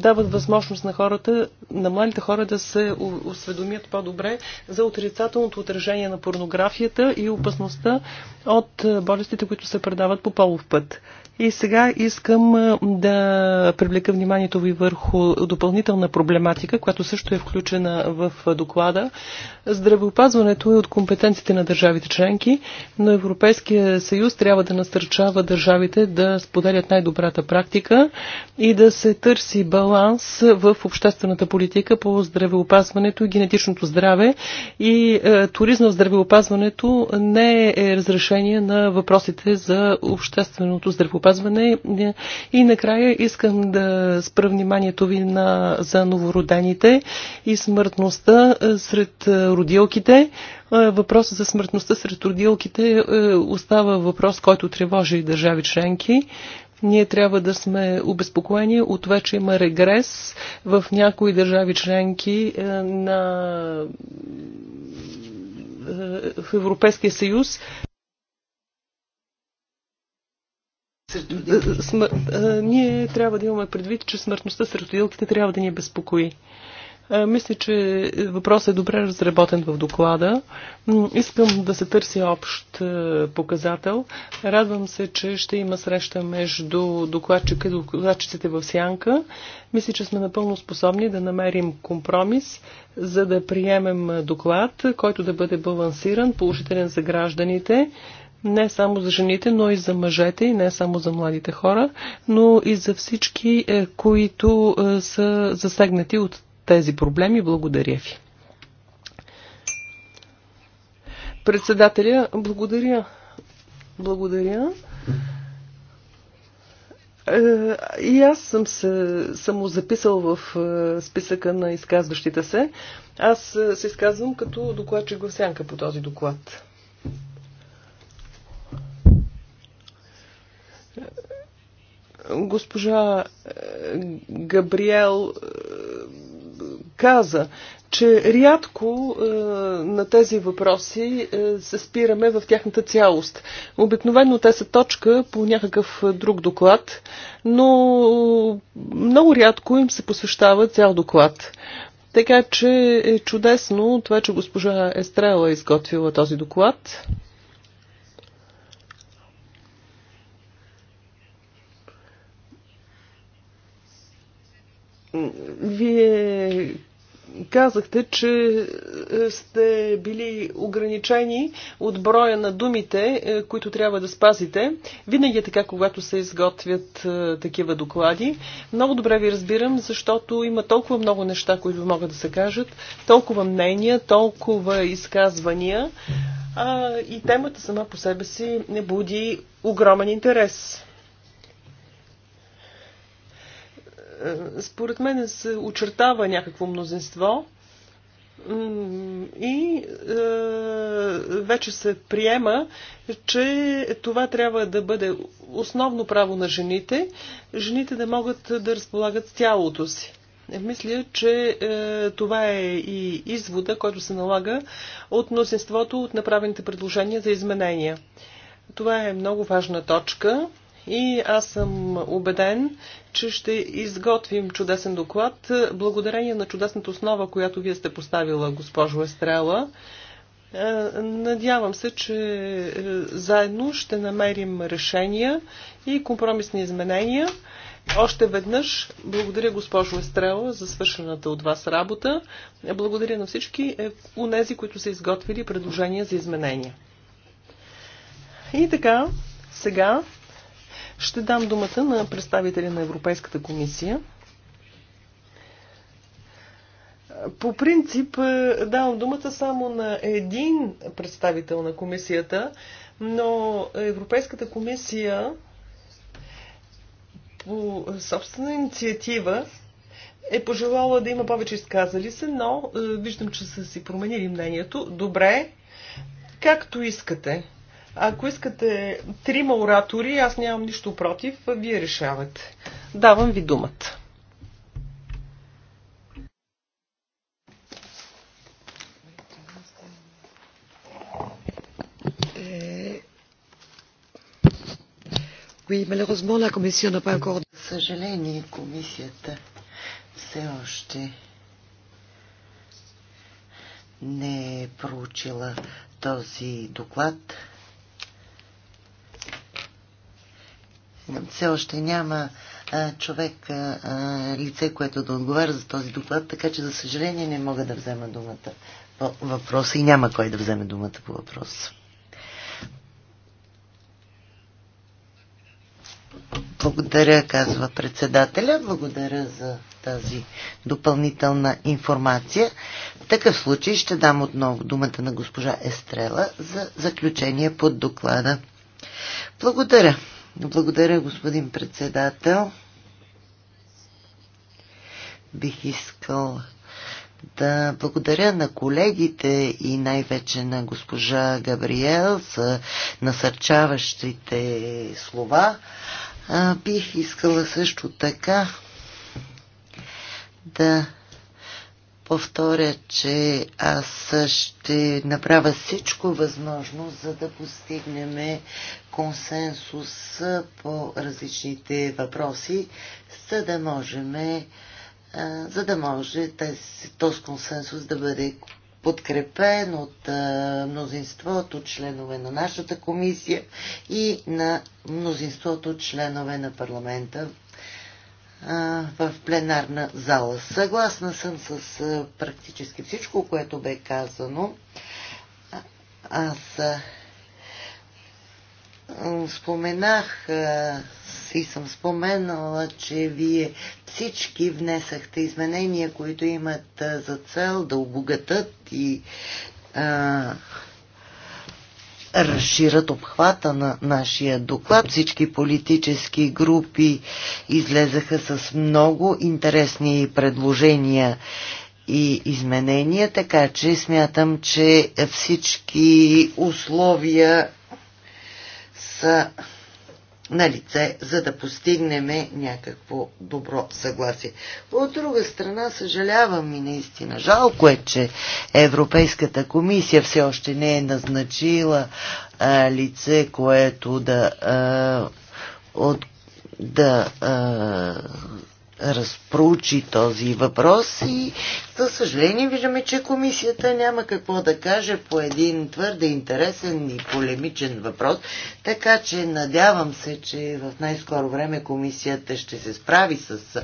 дават възможност на хората, на младите хора да се осведомят по-добре за отрицателното отражение на порнографията и опасността от е, болестите, които се предават по полов път. И сега искам да привлека вниманието ви върху допълнителна проблематика, която също е включена в доклада. Здравеопазването е от компетенциите на държавите членки, но Европейския съюз трябва да насърчава държавите да споделят най-добрата практика и да се търси баланс в обществената политика по здравеопазването и генетичното здраве. И е, туризма в здравеопазването не е разрешение на въпросите за общественото здравеопазване здравеопазване. И накрая искам да спра вниманието ви на, за новородените и смъртността е, сред е, родилките. Е, въпросът за смъртността сред родилките остава въпрос, който тревожи и държави членки ние трябва да сме обезпокоени от това, че има регрес в някои държави членки на в Европейския съюз. Ние трябва да имаме предвид, че смъртността сред родилките трябва да ни безпокои. Мисля, че въпросът е добре разработен в доклада. Искам да се търси общ показател. Радвам се, че ще има среща между докладчика и докладчиците в Сянка. Мисля, че сме напълно способни да намерим компромис, за да приемем доклад, който да бъде балансиран, положителен за гражданите, не само за жените, но и за мъжете, и не само за младите хора, но и за всички, е, които е, са засегнати от тези проблеми. Благодаря ви. Председателя, благодаря. Благодаря. Е, и аз съм се самозаписал в списъка на изказващите се. Аз се изказвам като докладчик в сянка по този доклад. Госпожа е, Габриел е, каза, че рядко е, на тези въпроси е, се спираме в тяхната цялост. Обикновено те са точка по някакъв друг доклад, но много рядко им се посвещава цял доклад. Така че е чудесно това, че госпожа Естрела е изготвила този доклад. Вие казахте, че е, сте били ограничени от броя на думите, е, които трябва да спазите. Винаги е така, когато се изготвят е, такива доклади. Много добре ви разбирам, защото има толкова много неща, които могат да се кажат, толкова мнения, толкова изказвания а, и темата сама по себе си не буди огромен интерес. Според мен се очертава някакво мнозинство и е, вече се приема, че това трябва да бъде основно право на жените, жените да могат да разполагат с тялото си. Е, мисля, че е, това е и извода, който се налага от мнозинството от направените предложения за изменения. Това е много важна точка и аз съм убеден, че ще изготвим чудесен доклад, благодарение на чудесната основа, която вие сте поставила, госпожо Естрела. Е, надявам се, че е, заедно ще намерим решения и компромисни изменения. Още веднъж благодаря госпожо Естрела за свършената от вас работа. Благодаря на всички е, унези, които са изготвили предложения за изменения. И така, сега ще дам думата на представители на Европейската комисия. По принцип е, давам думата само на един представител на комисията, но Европейската комисия по собствена инициатива е пожелала да има повече изказали се, но е, виждам, че са си променили мнението. Добре, както искате. Ако искате трима оратори, аз нямам нищо против, вие решавате. Давам ви думата. Е, съжаление, комисията все още не е проучила този доклад. все още няма човек, лице, което да отговаря за този доклад, така че за съжаление не мога да взема думата по въпроса и няма кой да вземе думата по въпроса. Благодаря, казва председателя. Благодаря за тази допълнителна информация. В такъв случай ще дам отново думата на госпожа Естрела за заключение под доклада. Благодаря. Благодаря, господин председател. Бих искал да благодаря на колегите и най-вече на госпожа Габриел за насърчаващите слова. бих искала също така да повторя, че аз ще направя всичко възможно, за да постигнем консенсус по различните въпроси, за да можем за да може този консенсус да бъде подкрепен от мнозинството членове на нашата комисия и на мнозинството членове на парламента в пленарна зала. Съгласна съм с практически всичко, което бе казано. Аз споменах и съм споменала, че вие всички внесахте изменения, които имат за цел да обогатат и а, разширят обхвата на нашия доклад. Всички политически групи излезаха с много интересни предложения и изменения, така че смятам, че всички условия са на лице, за да постигнем някакво добро съгласие. От друга страна, съжалявам и наистина жалко е, че Европейската комисия все още не е назначила а, лице, което да а, от да а, разпроучи този въпрос и за съжаление виждаме, че комисията няма какво да каже по един твърде интересен и полемичен въпрос, така че надявам се, че в най-скоро време комисията ще се справи с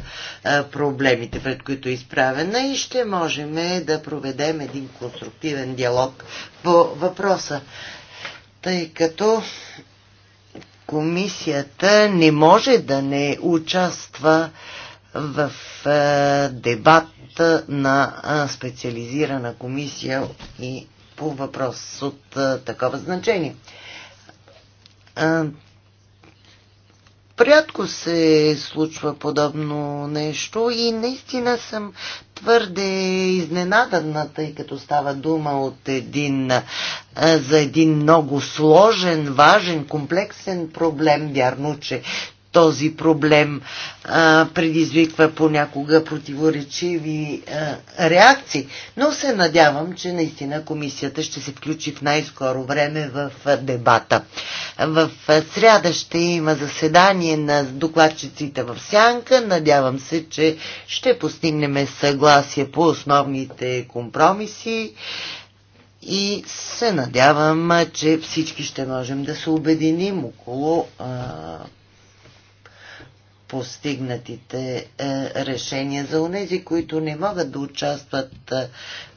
проблемите, пред които е изправена и ще можем да проведем един конструктивен диалог по въпроса. Тъй като комисията не може да не участва в дебат на специализирана комисия и по въпрос от такова значение. Прядко се случва подобно нещо и наистина съм твърде изненадана, тъй като става дума от един, за един много сложен, важен, комплексен проблем. Вярно, че този проблем а, предизвиква понякога противоречиви а, реакции, но се надявам, че наистина комисията ще се включи в най-скоро време в дебата. В сряда ще има заседание на докладчиците в Сянка. Надявам се, че ще постигнем съгласие по основните компромиси и се надявам, че всички ще можем да се обединим около а, постигнатите е, решения. За унези, които не могат да участват е,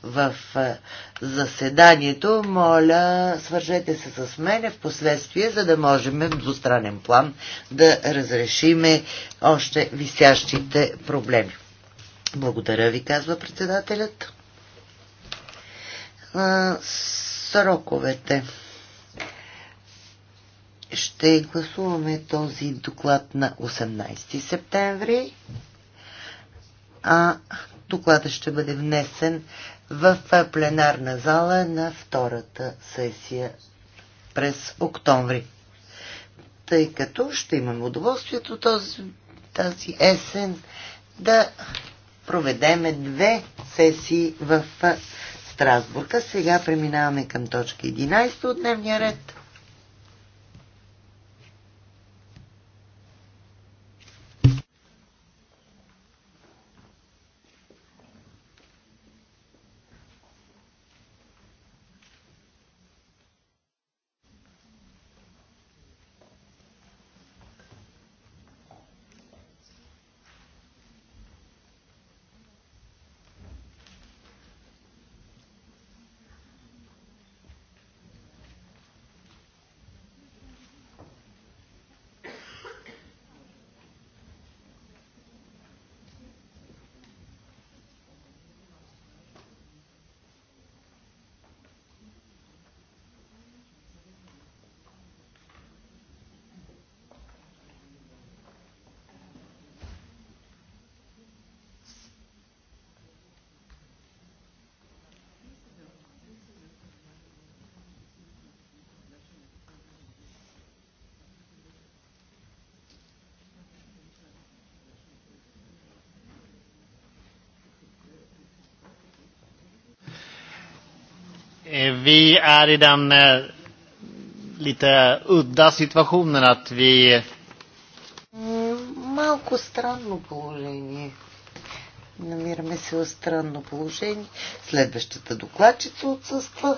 в е, заседанието, моля, свържете се с мене в последствие, за да можем в двустранен план да разрешиме още висящите проблеми. Благодаря ви, казва председателят. Е, сроковете. Ще гласуваме този доклад на 18 септември, а доклада ще бъде внесен в пленарна зала на втората сесия през октомври. Тъй като ще имаме удоволствието този, тази есен да проведеме две сесии в Страсбурга. сега преминаваме към точка 11 от дневния ред. Vi är i den eh, lite udda situationen att vi... Mm, малко странно положение. Намираме се в странно положение. Следващата докладчица отсъства.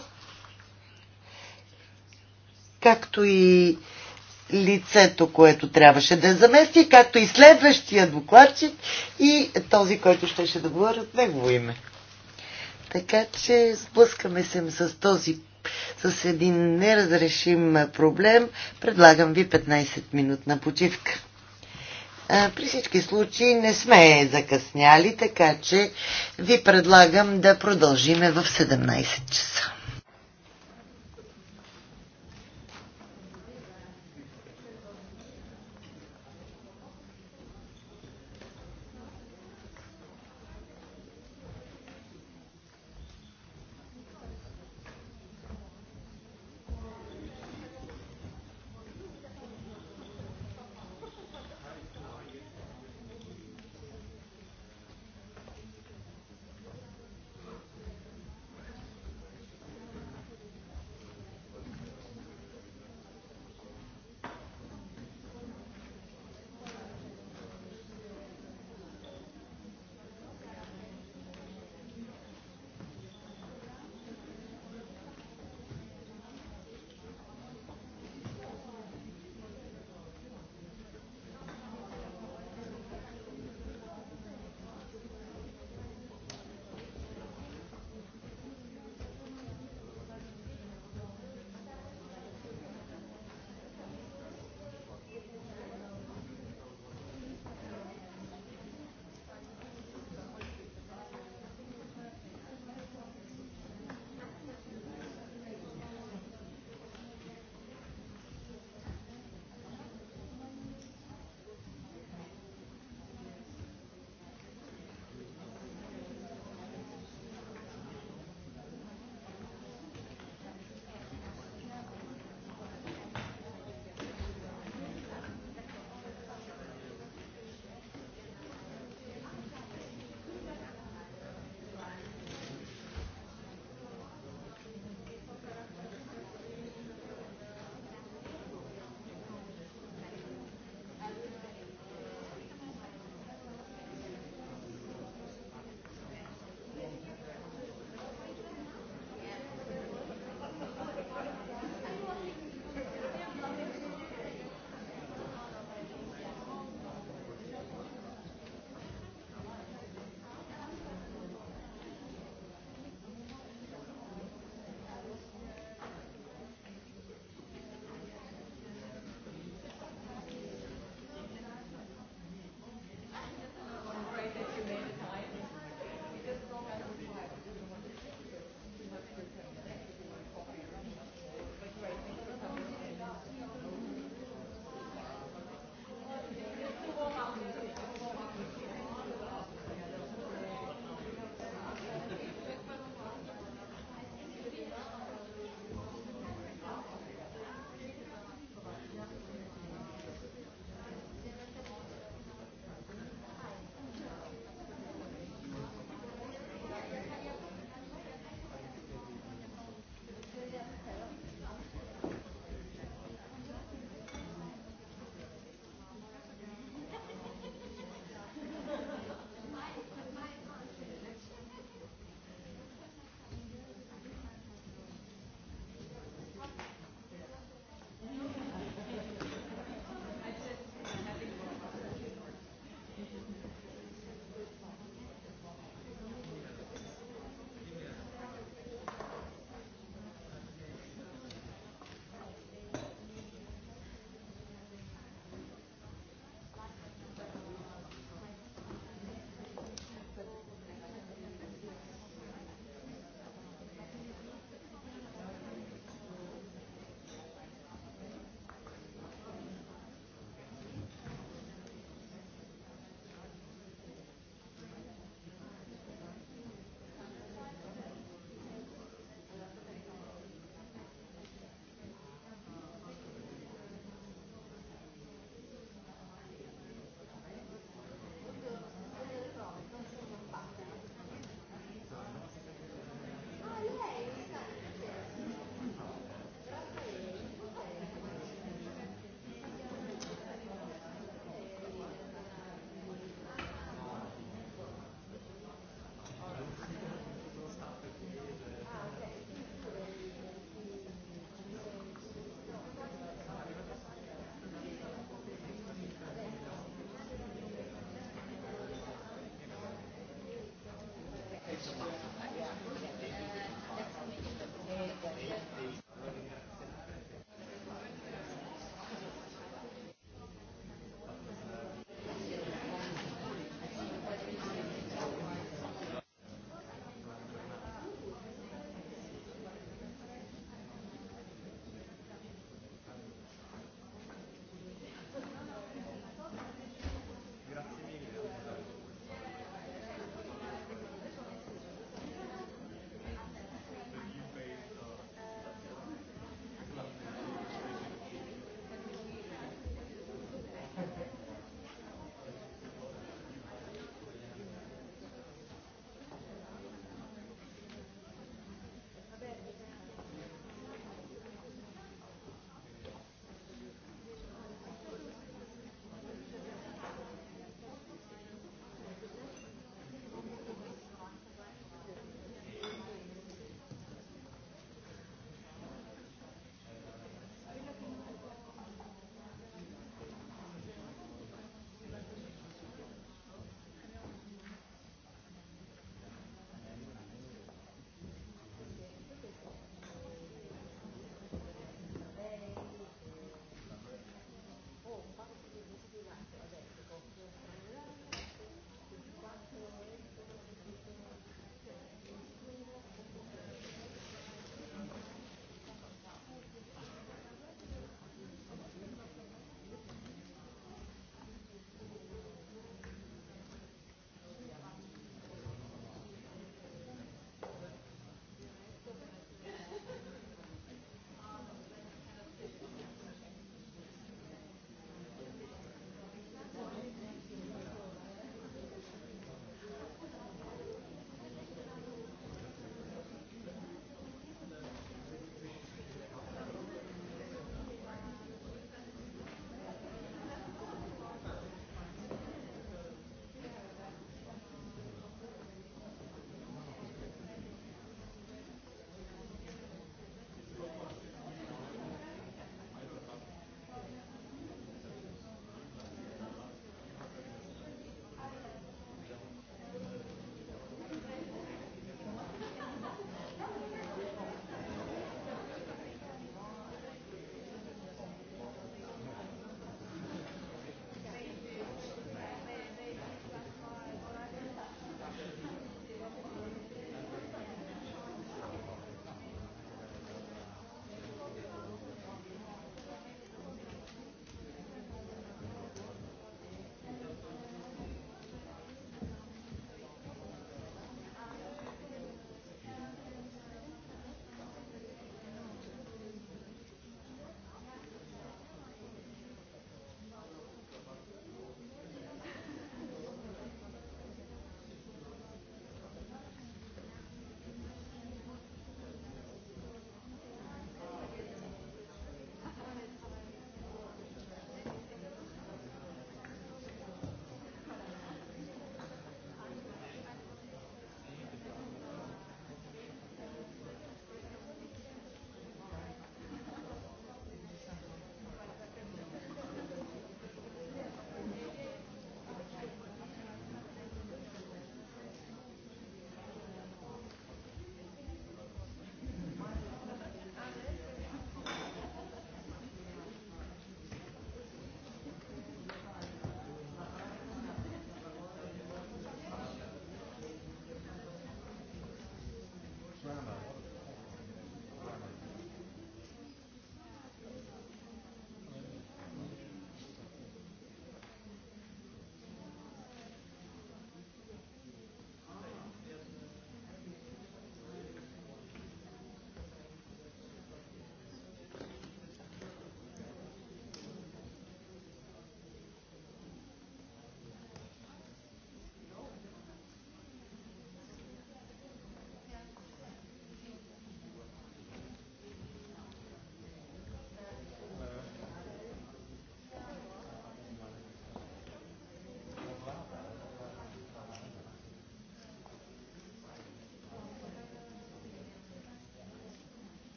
Както и лицето, което трябваше да замести, както и следващия докладчик и този, който щеше да говори от негово име. Така че сблъскаме се с този с един неразрешим проблем. Предлагам ви 15 минутна почивка. При всички случаи не сме закъсняли, така че ви предлагам да продължиме в 17 часа.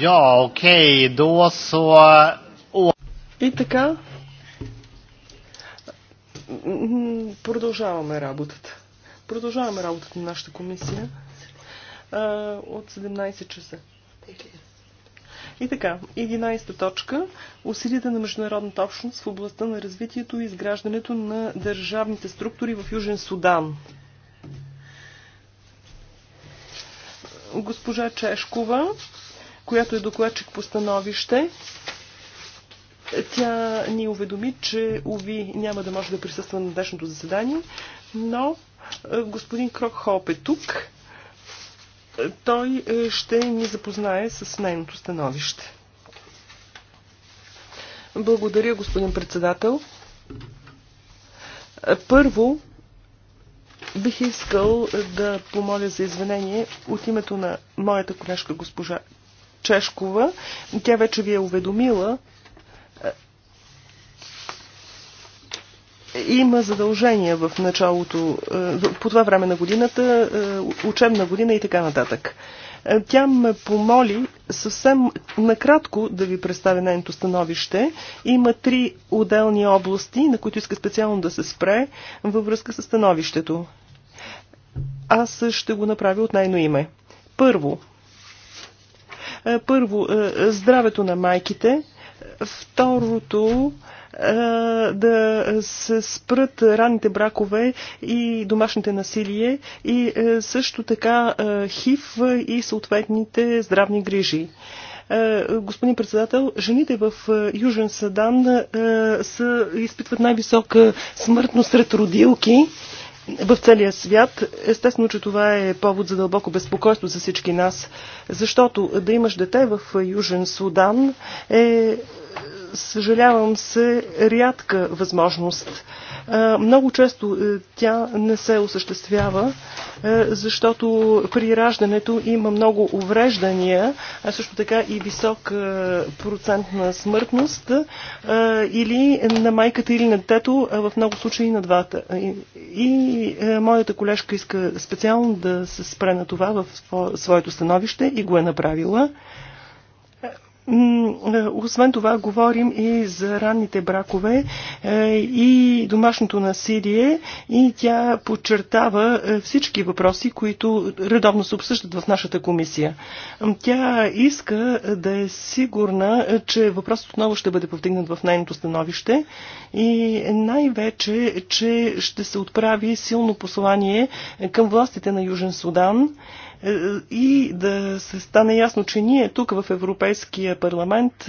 Ja, okej, okay. då så... И така. Продължаваме работата. Продължаваме работата на нашата комисия от 17 часа. И така, 11-та точка. Усилията на международната общност в областта на развитието и изграждането на държавните структури в Южен Судан. Госпожа Чешкова която е докладчик по становище. Тя ни уведоми, че Ови няма да може да присъства на днешното заседание, но е, господин Крок Хоп е тук. Той е, ще ни запознае с нейното становище. Благодаря, господин председател. Първо, бих искал да помоля за извинение от името на моята колежка госпожа Чешкова. Тя вече ви е уведомила. Е, има задължения в началото, е, по това време на годината, е, учебна година и така нататък. Тя ме помоли съвсем накратко да ви представя нейното становище. Има три отделни области, на които иска специално да се спре във връзка с становището. Аз ще го направя от нейно име. Първо, е, първо, е, здравето на майките. Второто, е, да се спрат ранните бракове и домашните насилие и също така ХИВ и съответните здравни грижи господин председател, жените в Южен Съдан са, изпитват най-висока смъртност сред родилки в целия свят. Естествено, че това е повод за дълбоко безпокойство за всички нас, защото да имаш дете в Южен Судан е съжалявам се, рядка възможност. Е, много често е, тя не се осъществява, е, защото при раждането има много увреждания, а също така и висок процент на смъртност или на майката или на детето, а в много случаи на двата. И моята колежка иска специално да се спре на това в своето становище и го е направила. Освен това, говорим и за ранните бракове е, и домашното насилие и тя подчертава е, всички въпроси, които редовно се обсъждат в нашата комисия. Тя иска е, да е сигурна, че въпросът отново ще бъде повдигнат в нейното становище и най-вече, че ще се отправи силно послание към властите на Южен Судан е, и да се стане ясно, че ние тук в Европейския парламент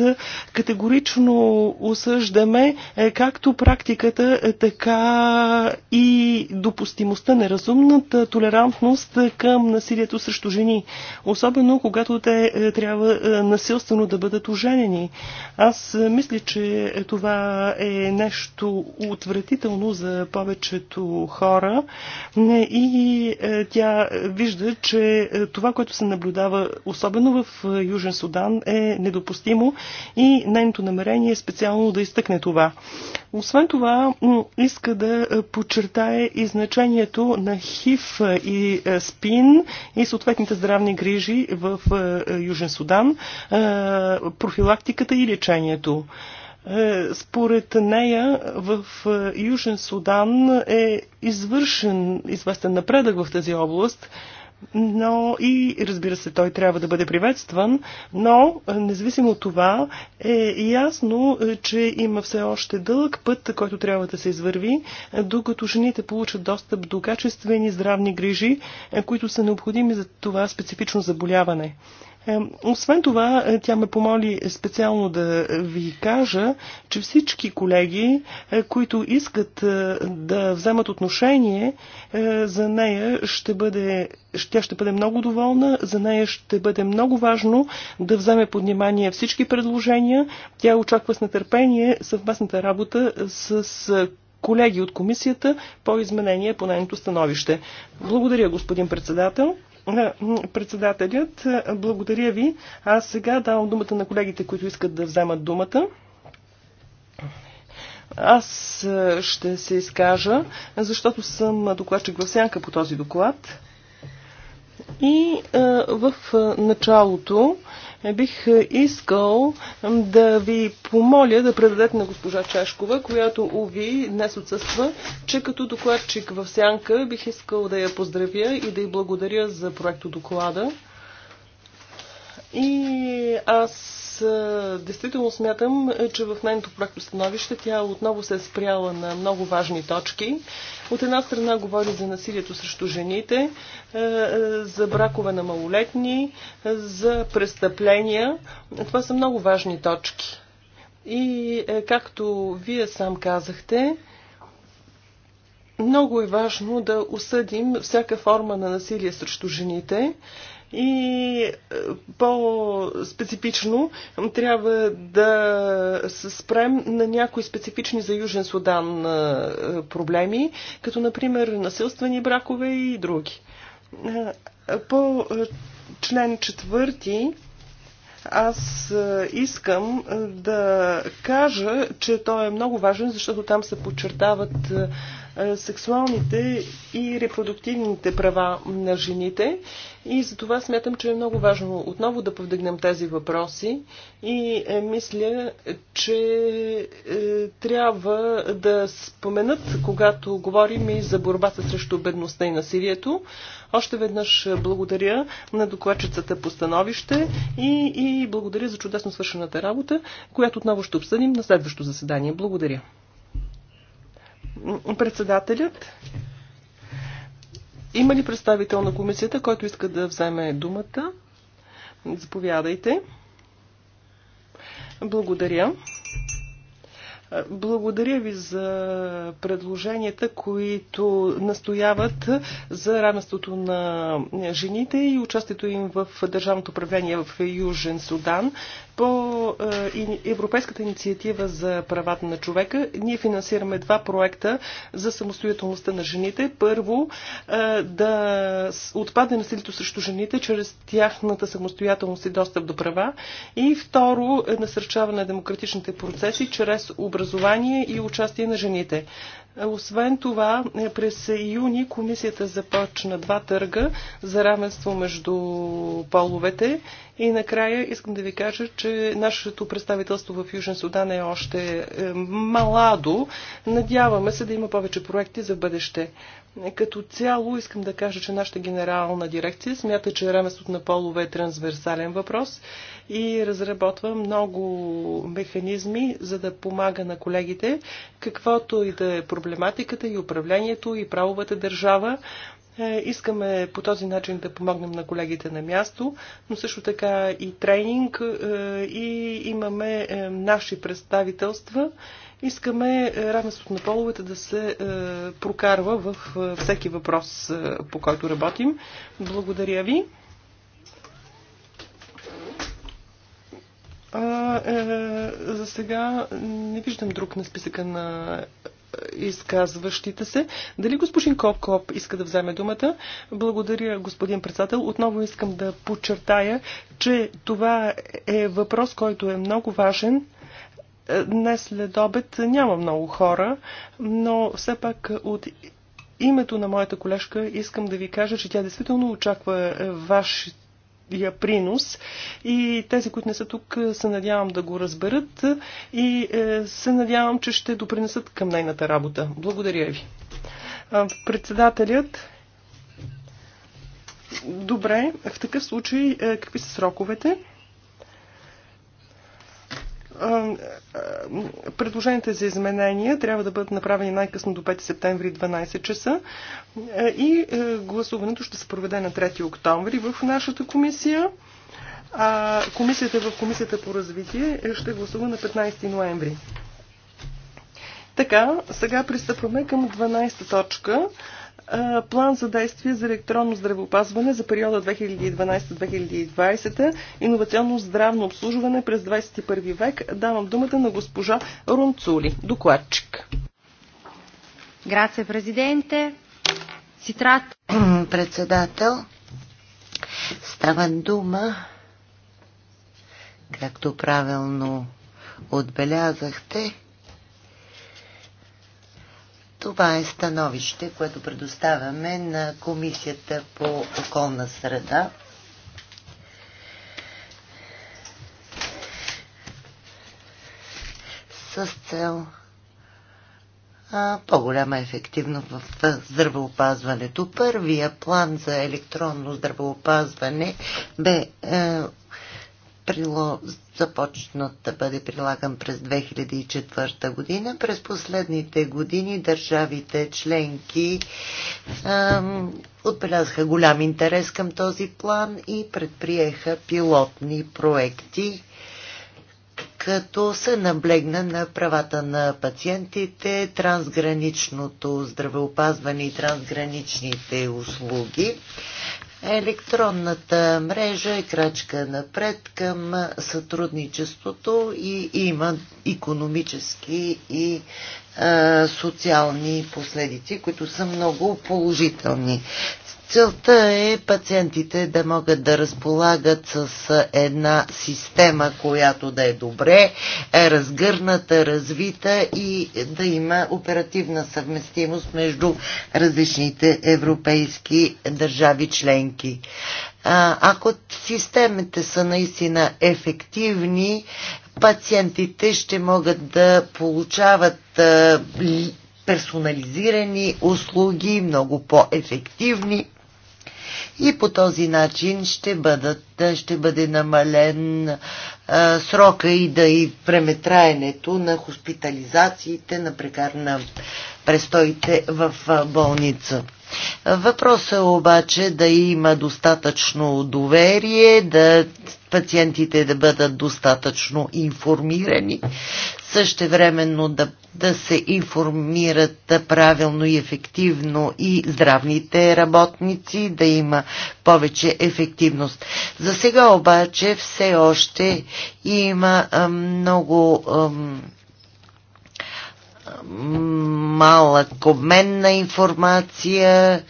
категорично осъждаме е, както практиката, е, така и допустимостта, неразумната толерантност към насилието срещу жени. Особено когато те трябва насилствено да бъдат оженени. Аз мисля, че това е нещо отвратително за повечето хора и тя вижда, че е, това, което се наблюдава, особено в е, Южен Судан, е недопустимо и нейното намерение е специално да изтъкне това. Освен това, иска да е, подчертае и значението на ХИВ и СПИН и съответните здравни грижи в Южен Судан, профилактиката и лечението. Според нея в Южен Судан е извършен известен напредък в тази област, но и разбира се, той трябва да бъде приветстван, но е, независимо от това е ясно, е, че има все още дълъг път, който трябва да се извърви, е, докато жените получат достъп до качествени здравни грижи, които са необходими за това специфично заболяване. Освен това, е, тя ме помоли специално да ви кажа, че всички колеги, е, които искат е, да вземат отношение за нея, ще бъде, тя ще бъде много доволна. За нея ще бъде много важно да вземе под внимание всички предложения. Тя очаква с нетърпение съвместната работа с колеги от комисията по изменение по нейното становище. Благодаря, господин председател. Председателят, е, благодаря ви. Аз сега давам думата на колегите, които искат да вземат думата. Аз е, ще се изкажа, защото съм докладчик в сянка по този доклад. И е, в началото Бих е, искал да ви помоля да предадете на госпожа Чашкова, която уви днес отсъства, че като докладчик в Сянка бих искал да я поздравя и да й благодаря за проекто доклада. И аз аз е, действително смятам, е, че в нейното проектно становище тя отново се е спряла на много важни точки. От една страна говори за насилието срещу жените, е, за бракове на малолетни, за престъпления. Това са много важни точки. И както вие сам казахте, много е важно да осъдим всяка форма на насилие срещу жените и е, по-специфично трябва да се спрем на някои специфични за Южен Судан е, проблеми, като например насилствени бракове и други. Е, по член четвърти аз е, искам е, да кажа, че той е много важен, защото там се подчертават е, сексуалните и репродуктивните права на жените и за това смятам, че е много важно отново да повдигнем тези въпроси и мисля, че трябва да споменат, когато говорим и за борбата срещу бедността и насилието, още веднъж е, благодаря на докладчицата по становище и, и благодаря за чудесно свършената работа, която отново ще обсъдим на следващото заседание. Благодаря. Председателят. Има ли представител на комисията, който иска да вземе думата? Заповядайте. Благодаря. Благодаря ви за предложенията, които настояват за равенството на жените и участието им в държавното управление в Южен Судан. По Европейската инициатива за правата на човека ние финансираме два проекта за самостоятелността на жените. Първо, е, да отпадне насилието срещу жените чрез тяхната самостоятелност и достъп до права. И второ, е насърчаване на демократичните процеси чрез образование и участие на жените. Освен това, е, през юни комисията започна два търга за равенство между половете и накрая искам да ви кажа, че нашето представителство в Южен Судан е още е, маладо. Надяваме се да има повече проекти за бъдеще. Е, като цяло искам да кажа, че нашата генерална дирекция смята, че равенството на полове е трансверсален въпрос и разработва много механизми, за да помага на колегите, каквото и да е проблематиката и управлението и правовата държава. Е, искаме по този начин да помогнем на колегите на място, но също така и тренинг е, и имаме наши представителства Искаме е, равенството на половете да се е, прокарва в е, всеки въпрос, по който работим. Благодаря ви. А, е, за сега не виждам друг на списъка на изказващите се. Дали господин Коп Коп иска да вземе думата? Благодаря, господин председател. Отново искам да подчертая, че това е въпрос, който е много важен Днес след обед няма много хора, но все пак от името на моята колежка искам да ви кажа, че тя действително очаква е, вашите я принос и тези, които не са тук, се надявам да го разберат и е, се надявам, че ще допринесат към нейната работа. Благодаря ви. Председателят. Добре, в такъв случай е, какви са сроковете? предложенията за изменения трябва да бъдат направени най-късно до 5 септември 12 часа и гласуването ще се проведе на 3 октомври в нашата комисия. А комисията в Комисията по развитие ще гласува на 15 ноември. Така, сега пристъпваме към 12 точка план за действие за електронно здравеопазване за периода 2012-2020, иновационно здравно обслужване през 21 век. Давам думата на госпожа Рунцули, докладчик. Грация, президенте. Ситрат. Председател. Става дума, както правилно отбелязахте, това е становище, което предоставяме на Комисията по околна среда. С цел по-голяма ефективност в здравеопазването. Първия план за електронно здравеопазване бе е, прило... започнат да бъде прилаган през 2004 година. През последните години държавите членки ам, отбелязаха голям интерес към този план и предприеха пилотни проекти, като се наблегна на правата на пациентите, трансграничното здравеопазване и трансграничните услуги. Електронната мрежа е крачка напред към сътрудничеството и има економически и е, социални последици, които са много положителни. Целта е пациентите да могат да разполагат с една система, която да е добре е разгърната, развита и да има оперативна съвместимост между различните европейски държави членки. Ако системите са наистина ефективни, пациентите ще могат да получават персонализирани услуги, много по-ефективни и по този начин ще, бъдат, ще бъде намален а, срока и да и преметраенето на хоспитализациите, на прекарна престоите в болница. Въпросът е обаче да има достатъчно доверие, да пациентите да бъдат достатъчно информирани, същевременно да, да се информират правилно и ефективно и здравните работници, да има повече ефективност. За сега обаче все още има много... Ам, малък обмен на информация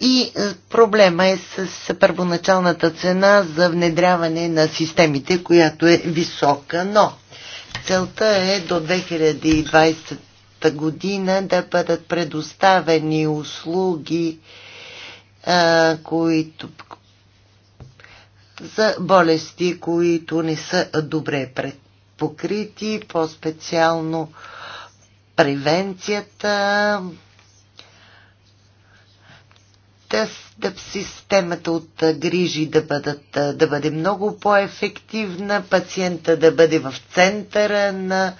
и проблема е с първоначалната цена за внедряване на системите, която е висока, но целта е до 2020 година да бъдат предоставени услуги, които за болести, които не са добре предпокрити, по-специално превенцията, да, да системата от грижи да, бъдат, да бъде много по-ефективна, пациента да бъде в центъра на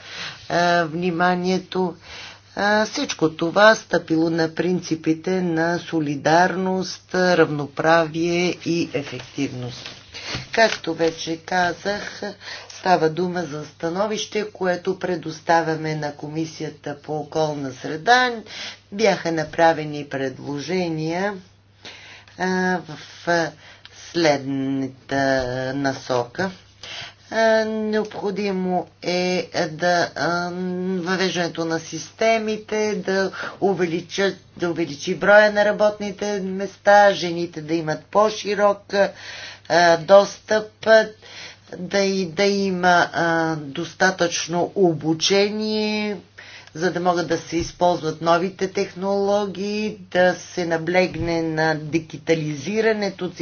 а, вниманието. А, всичко това стъпило на принципите на солидарност, равноправие и ефективност. Както вече казах, Става дума за становище, което предоставяме на Комисията по околна среда. Бяха направени предложения а, в а, следната насока. А, необходимо е да въвеждането на системите, да, увеличат, да увеличи броя на работните места, жените да имат по-широк достъп да, и, да има а, достатъчно обучение, за да могат да се използват новите технологии, да се наблегне на дигитализирането,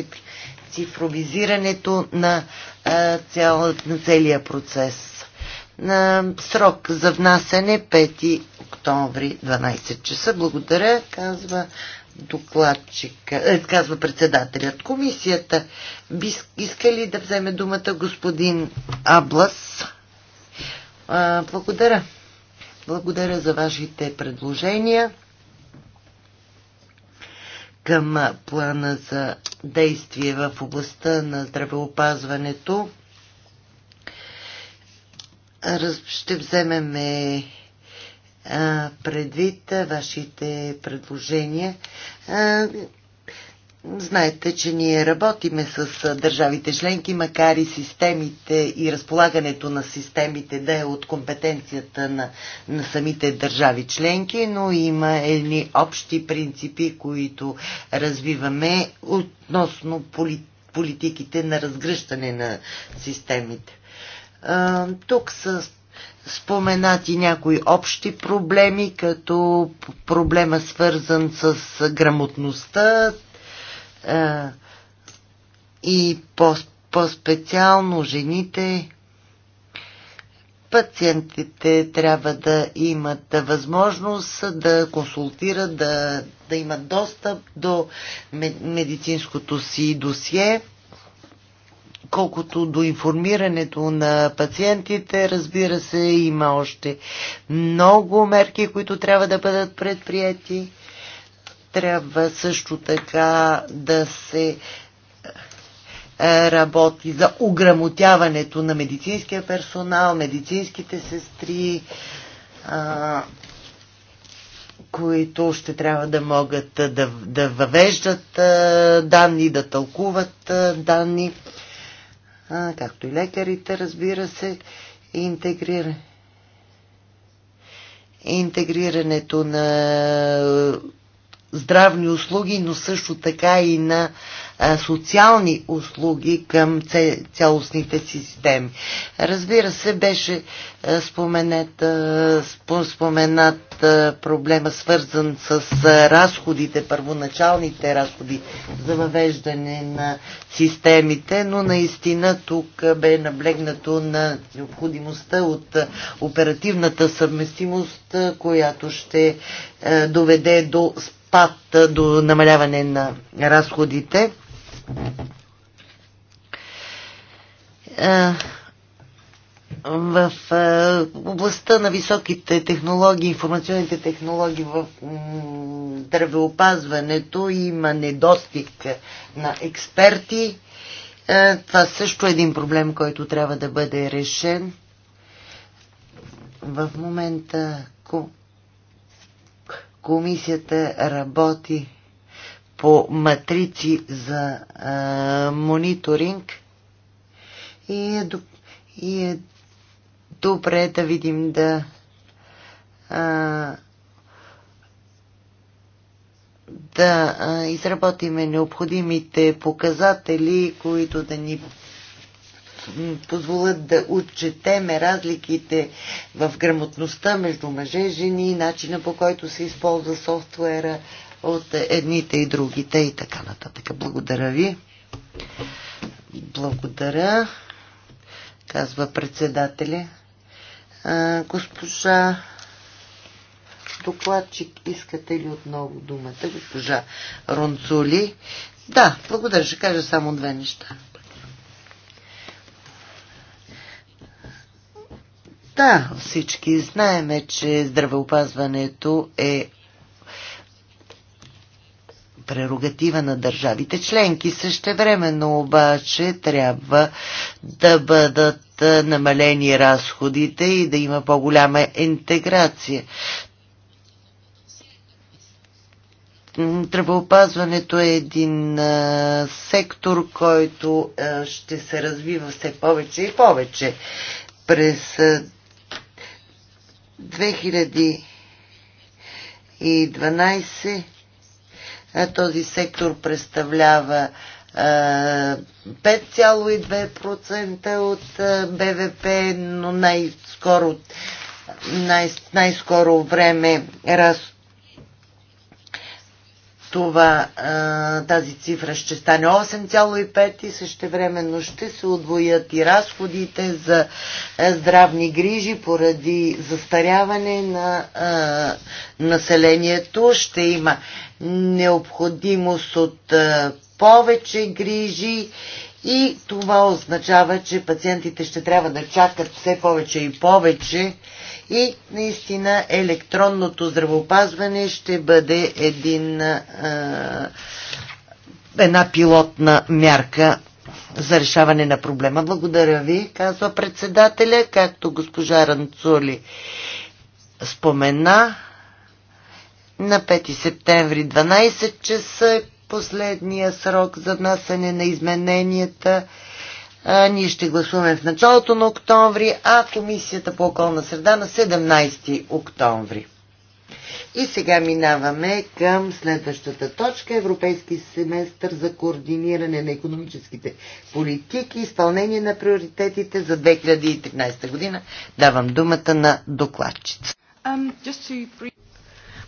цифровизирането на, а, цял, на целия процес. На срок за внасене 5 октомври 12 часа. Благодаря, казва докладчика, е, казва председателят. Комисията би искали да вземе думата господин Аблас? А, благодаря. Благодаря за вашите предложения към плана за действие в областта на здравеопазването. Раз, ще вземеме предвид вашите предложения. Знаете, че ние работиме с държавите членки, макар и системите и разполагането на системите да е от компетенцията на, на самите държави членки, но има едни общи принципи, които развиваме относно политиките на разгръщане на системите. Тук с споменати някои общи проблеми, като проблема свързан с грамотността а, и по-специално по жените. Пациентите трябва да имат възможност да консултират, да, да имат достъп до медицинското си досие Колкото до информирането на пациентите, разбира се, има още много мерки, които трябва да бъдат предприяти. Трябва също така да се е, работи за ограмотяването на медицинския персонал, медицинските сестри, е, които ще трябва да могат да, да въвеждат е, данни, да тълкуват данни а, както и лекарите, разбира се, интегриране. Интегрирането на здравни услуги, но също така и на социални услуги към цялостните системи. Разбира се, беше споменат, споменат проблема свързан с разходите, първоначалните разходи за въвеждане на системите, но наистина тук бе наблегнато на необходимостта от оперативната съвместимост, която ще доведе до спад, до намаляване на разходите. В областта на високите технологии, информационните технологии в здравеопазването има недостиг на експерти. Това също е един проблем, който трябва да бъде решен. В момента Комисията работи по матрици за а, мониторинг и е, и е добре да видим да а, да а, изработиме необходимите показатели, които да ни позволят да отчетеме разликите в грамотността между мъже и жени, начина по който се използва софтуера от едните и другите и така нататък. Благодаря ви. Благодаря, казва председателя. Госпожа докладчик, искате ли отново думата, госпожа Ронцули? Да, благодаря, ще кажа само две неща. Да, всички знаеме, че здравеопазването е прерогатива на държавите членки. Същевременно обаче трябва да бъдат намалени разходите и да има по-голяма интеграция. Здравеопазването е един а, сектор, който а, ще се развива все повече и повече. През 2012 този сектор представлява 5,2% от БВП, но най-скоро най- най-скоро време раз, това, тази цифра ще стане 8,5 и същевременно ще се отвоят и разходите за здравни грижи поради застаряване на населението. Ще има необходимост от повече грижи и това означава, че пациентите ще трябва да чакат все повече и повече и наистина електронното здравопазване ще бъде един, а, една пилотна мярка за решаване на проблема. Благодаря ви, казва председателя, както госпожа Ранцули спомена. На 5 септември 12 часа е последния срок за внасяне на измененията. Ние ще гласуваме в началото на октомври, а Комисията по околна среда на 17 октомври. И сега минаваме към следващата точка Европейски семестър за координиране на економическите политики и изпълнение на приоритетите за 2013 година. Давам думата на докладчица. Um,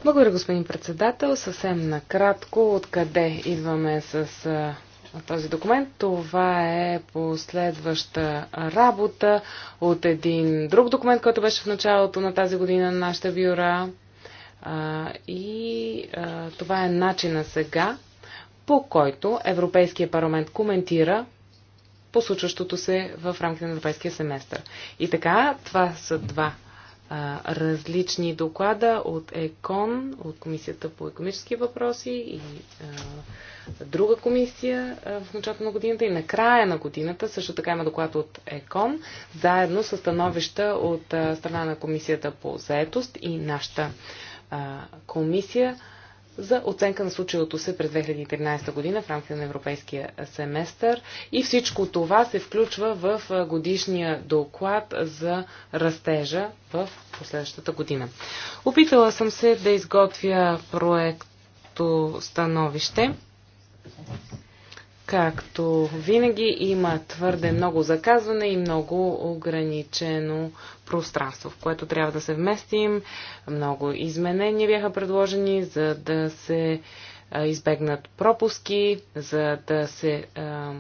Благодаря, господин председател. Съвсем накратко, откъде идваме с този документ. Това е последваща работа от един друг документ, който беше в началото на тази година на нашата бюра. и това е начина сега, по който Европейския парламент коментира по случващото се в рамките на Европейския семестър. И така, това са два различни доклада от ЕКОН, от Комисията по економически въпроси и а, друга комисия а, в началото на годината и на края на годината също така има доклад от ЕКОН, заедно с становища от а, страна на Комисията по заетост и нашата а, комисия за оценка на случилото се през 2013 година в рамките на европейския семестър и всичко това се включва в годишния доклад за растежа в последващата година. Опитала съм се да изготвя проекто становище. Както винаги има твърде много заказване и много ограничено пространство, в което трябва да се вместим. Много изменения бяха предложени, за да се избегнат пропуски, за да се а,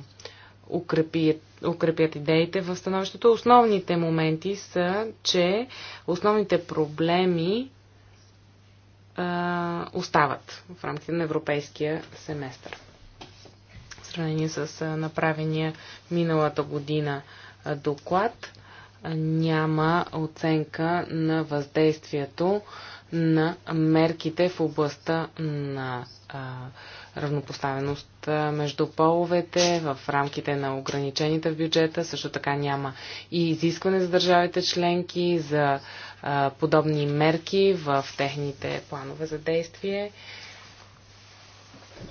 укрепят, укрепят идеите в становището. Основните моменти са, че основните проблеми а, остават в рамките на европейския семестър. В сравнение с направения миналата година доклад – няма оценка на въздействието на мерките в областта на равнопоставеност между половете в рамките на ограничените в бюджета. Също така няма и изискване за държавите членки за подобни мерки в техните планове за действие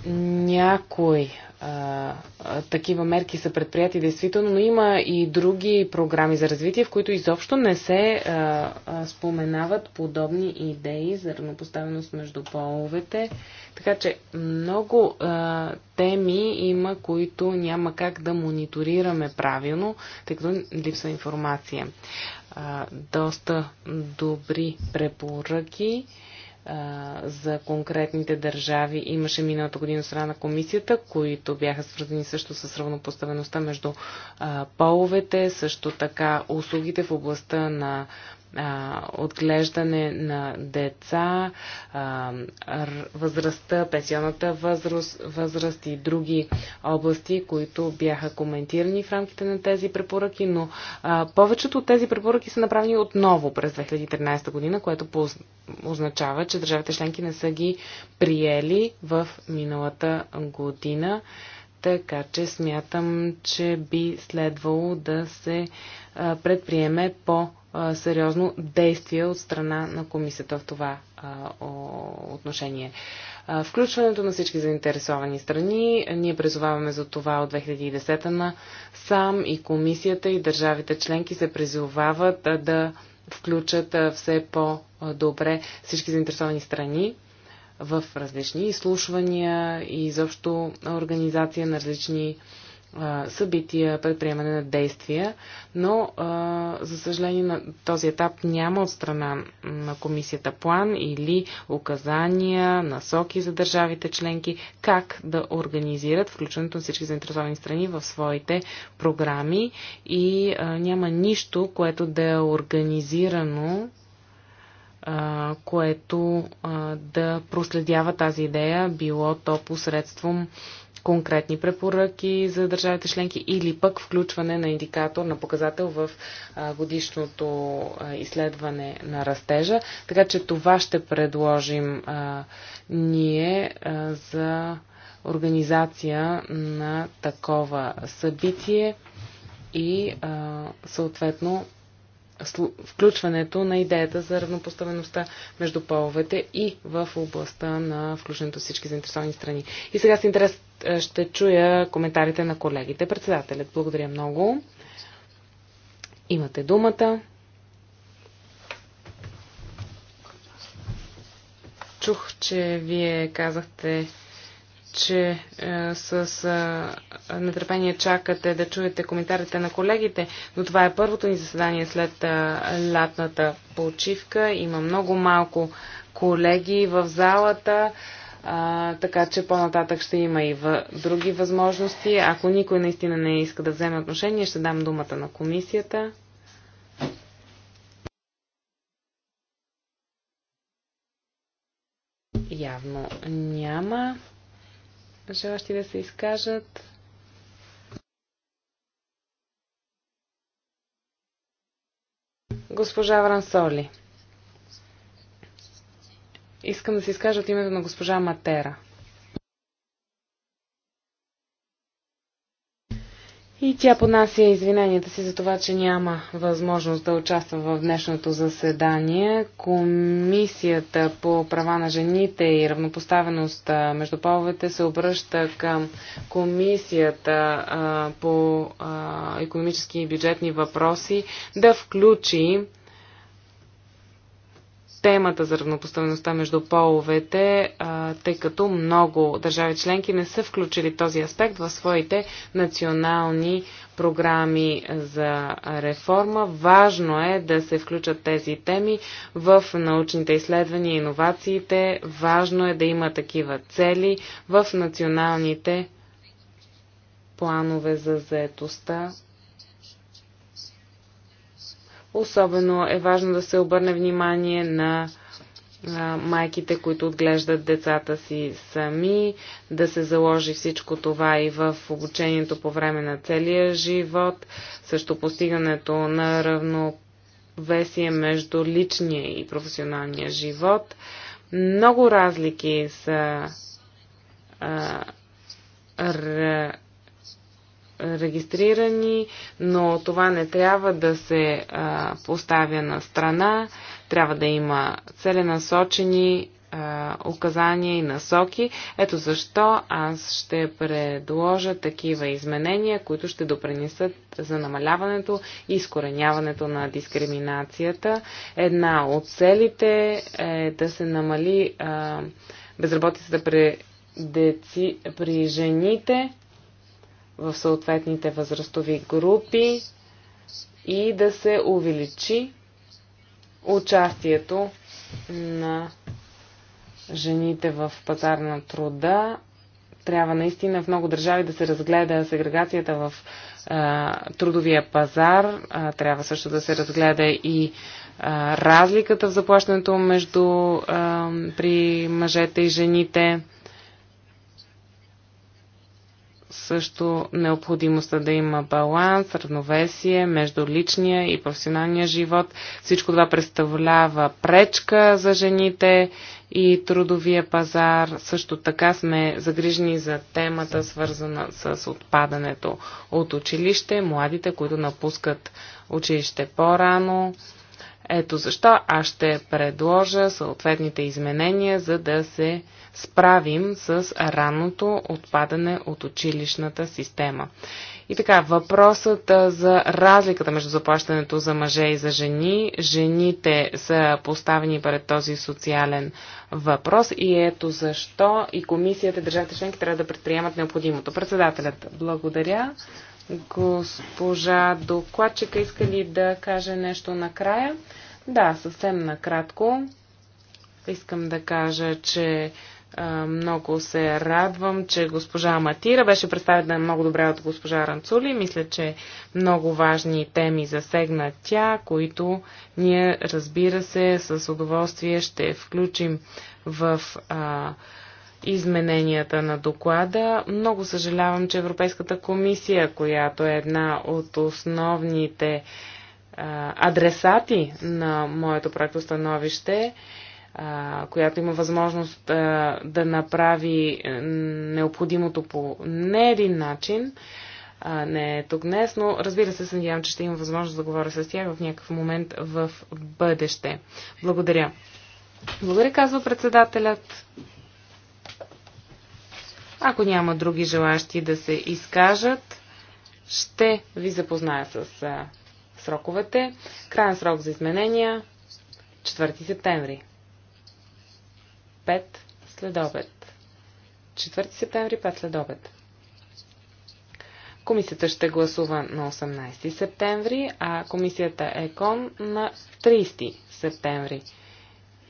някои а, такива мерки са предприяти действително, но има и други програми за развитие, в които изобщо не се а, а, споменават подобни идеи за равнопоставеност между половете. Така че много а, теми има, които няма как да мониторираме правилно, тъй като липсва информация. А, доста добри препоръки. А, за конкретните държави имаше миналата година страна на комисията, които бяха свързани също с равнопоставеността между а, половете, също така услугите в областта на а, отглеждане на деца, а, възрастта, пенсионната възраст, възраст и други области, които бяха коментирани в рамките на тези препоръки, но а, повечето от тези препоръки са направени отново през 2013 година, което означава, че че държавите членки не са ги приели в миналата година. Така че смятам, че би следвало да се предприеме по-сериозно действие от страна на комисията в това отношение. Включването на всички заинтересовани страни, ние призоваваме за това от 2010 на сам и комисията и държавите членки се призовават да включат все по-добре всички заинтересовани страни в различни изслушвания и изобщо организация на различни събития, предприемане на действия, но за съжаление на този етап няма от страна на комисията план или указания, насоки за държавите членки как да организират включването на всички заинтересовани страни в своите програми и няма нищо, което да е организирано което да проследява тази идея, било то посредством конкретни препоръки за държавите членки или пък включване на индикатор, на показател в годишното изследване на растежа. Така че това ще предложим ние за организация на такова събитие и съответно включването на идеята за равнопоставеността между половете и в областта на включването всички заинтересовани страни. И сега с интерес е, ще чуя коментарите на колегите. Председателят, благодаря много. Имате думата. Чух, че вие казахте че е, с е, нетърпение чакате да чуете коментарите на колегите, но това е първото ни заседание след е, лятната почивка. Има много малко колеги в залата, е, така че по-нататък ще има и въ... други възможности. Ако никой наистина не иска да вземе отношение, ще дам думата на комисията. Явно няма желащи да се изкажат. Госпожа Врансоли. Искам да се изкажа от името на госпожа Матера. И тя понася извиненията си за това, че няма възможност да участва в днешното заседание. Комисията по права на жените и равнопоставеност между половете се обръща към Комисията по економически и бюджетни въпроси да включи темата за равнопоставеността между половете, тъй като много държави членки не са включили този аспект в своите национални програми за реформа. Важно е да се включат тези теми в научните изследвания и иновациите. Важно е да има такива цели в националните планове за заетостта Особено е важно да се обърне внимание на майките, които отглеждат децата си сами, да се заложи всичко това и в обучението по време на целия живот, също постигането на равновесие между личния и професионалния живот. Много разлики са а, регистрирани, но това не трябва да се поставя на страна. Трябва да има целенасочени указания и насоки. Ето защо аз ще предложа такива изменения, които ще допренесат за намаляването и изкореняването на дискриминацията. Една от целите е да се намали безработицата при, деци, при жените в съответните възрастови групи и да се увеличи участието на жените в пазар на труда. Трябва наистина в много държави да се разгледа сегрегацията в а, трудовия пазар. А, трябва също да се разгледа и а, разликата в заплащането между а, при мъжете и жените също необходимостта да има баланс, равновесие между личния и професионалния живот. Всичко това представлява пречка за жените и трудовия пазар. Също така сме загрижени за темата, свързана с отпадането от училище, младите, които напускат училище по-рано ето защо аз ще предложа съответните изменения, за да се справим с ранното отпадане от училищната система. И така, въпросът за разликата между заплащането за мъже и за жени. Жените са поставени пред този социален въпрос и ето защо и комисията, държавите членки трябва да предприемат необходимото. Председателят, благодаря. Госпожа докладчика иска ли да каже нещо накрая? Да, съвсем накратко. Искам да кажа, че много се радвам, че госпожа Матира беше представена много добре от госпожа Ранцули. Мисля, че много важни теми засегна тя, които ние, разбира се, с удоволствие ще включим в а, измененията на доклада. Много съжалявам, че Европейската комисия, която е една от основните адресати на моето проекто становище, която има възможност да направи необходимото по не един начин, не е тук днес, но разбира се, се надявам, че ще има възможност да говоря с тях в някакъв момент в бъдеще. Благодаря. Благодаря, казва председателят. Ако няма други желащи да се изкажат, ще ви запозная с а, сроковете. Крайен срок за изменения 4 септември. 5 след обед. 4 септември, 5 след обед. Комисията ще гласува на 18 септември, а комисията ЕКОН на 30 септември.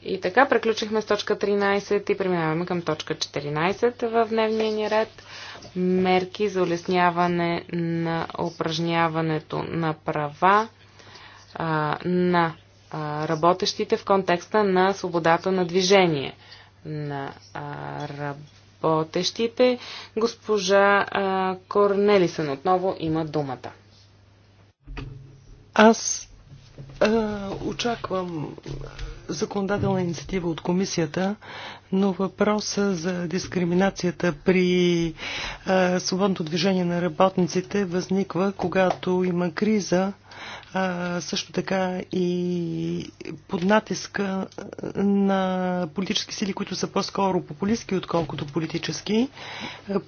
И така, приключихме с точка 13 и преминаваме към точка 14 в дневния ни ред. Мерки за улесняване на упражняването на права а, на а, работещите в контекста на свободата на движение на а, работещите. Госпожа а, Корнелисън отново има думата. Аз а, очаквам законодателна инициатива от комисията, но въпроса за дискриминацията при а, свободното движение на работниците възниква, когато има криза, а, също така и под натиска на политически сили, които са по-скоро популистски, отколкото политически.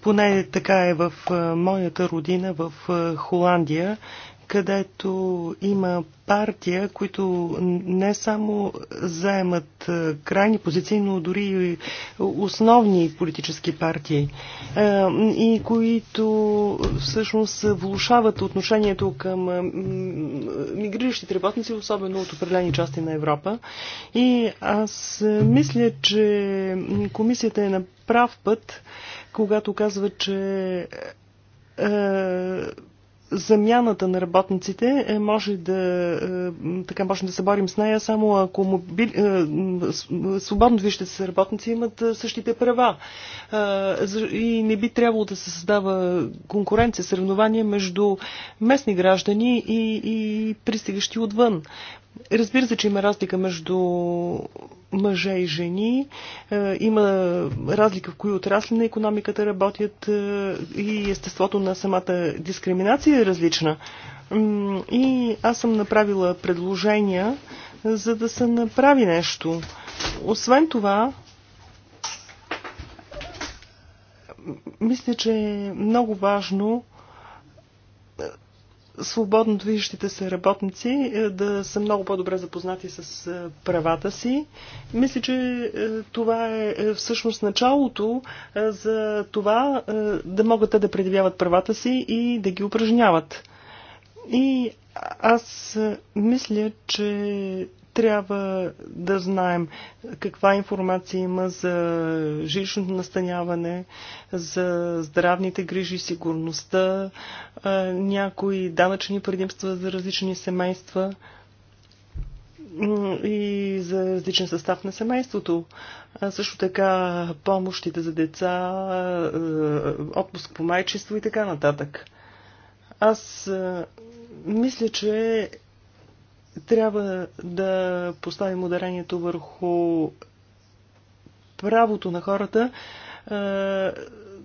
Поне така е в моята родина, в Холандия където има партия, които не само заемат е, крайни позиции, но дори и основни политически партии е, и които всъщност влушават отношението към е, мигриращите работници, особено от определени части на Европа. И аз мисля, че комисията е на прав път, когато казва, че замяната на работниците е, може да е, така можем да се борим с нея само ако мобили, е, свободно движещите се работници имат същите права и не би трябвало да се създава конкуренция, съревнование между местни граждани и, и пристигащи отвън. Разбира се, че има разлика между мъже и жени. Е, има разлика в кои отрасли на економиката работят е, и естеството на самата дискриминация е различна. И аз съм направила предложения, за да се направи нещо. Освен това, мисля, че е много важно свободно движещите се работници е, да са много по-добре запознати с е, правата си. Мисля, че е, това е всъщност началото за това да могат те да предявяват правата си и да ги упражняват. И аз мисля, че трябва да знаем каква информация има за жилищното настаняване, за здравните грижи, сигурността, някои данъчни предимства за различни семейства и за различен състав на семейството. също така помощите за деца, отпуск по майчество и така нататък. Аз мисля, че трябва да поставим ударението върху правото на хората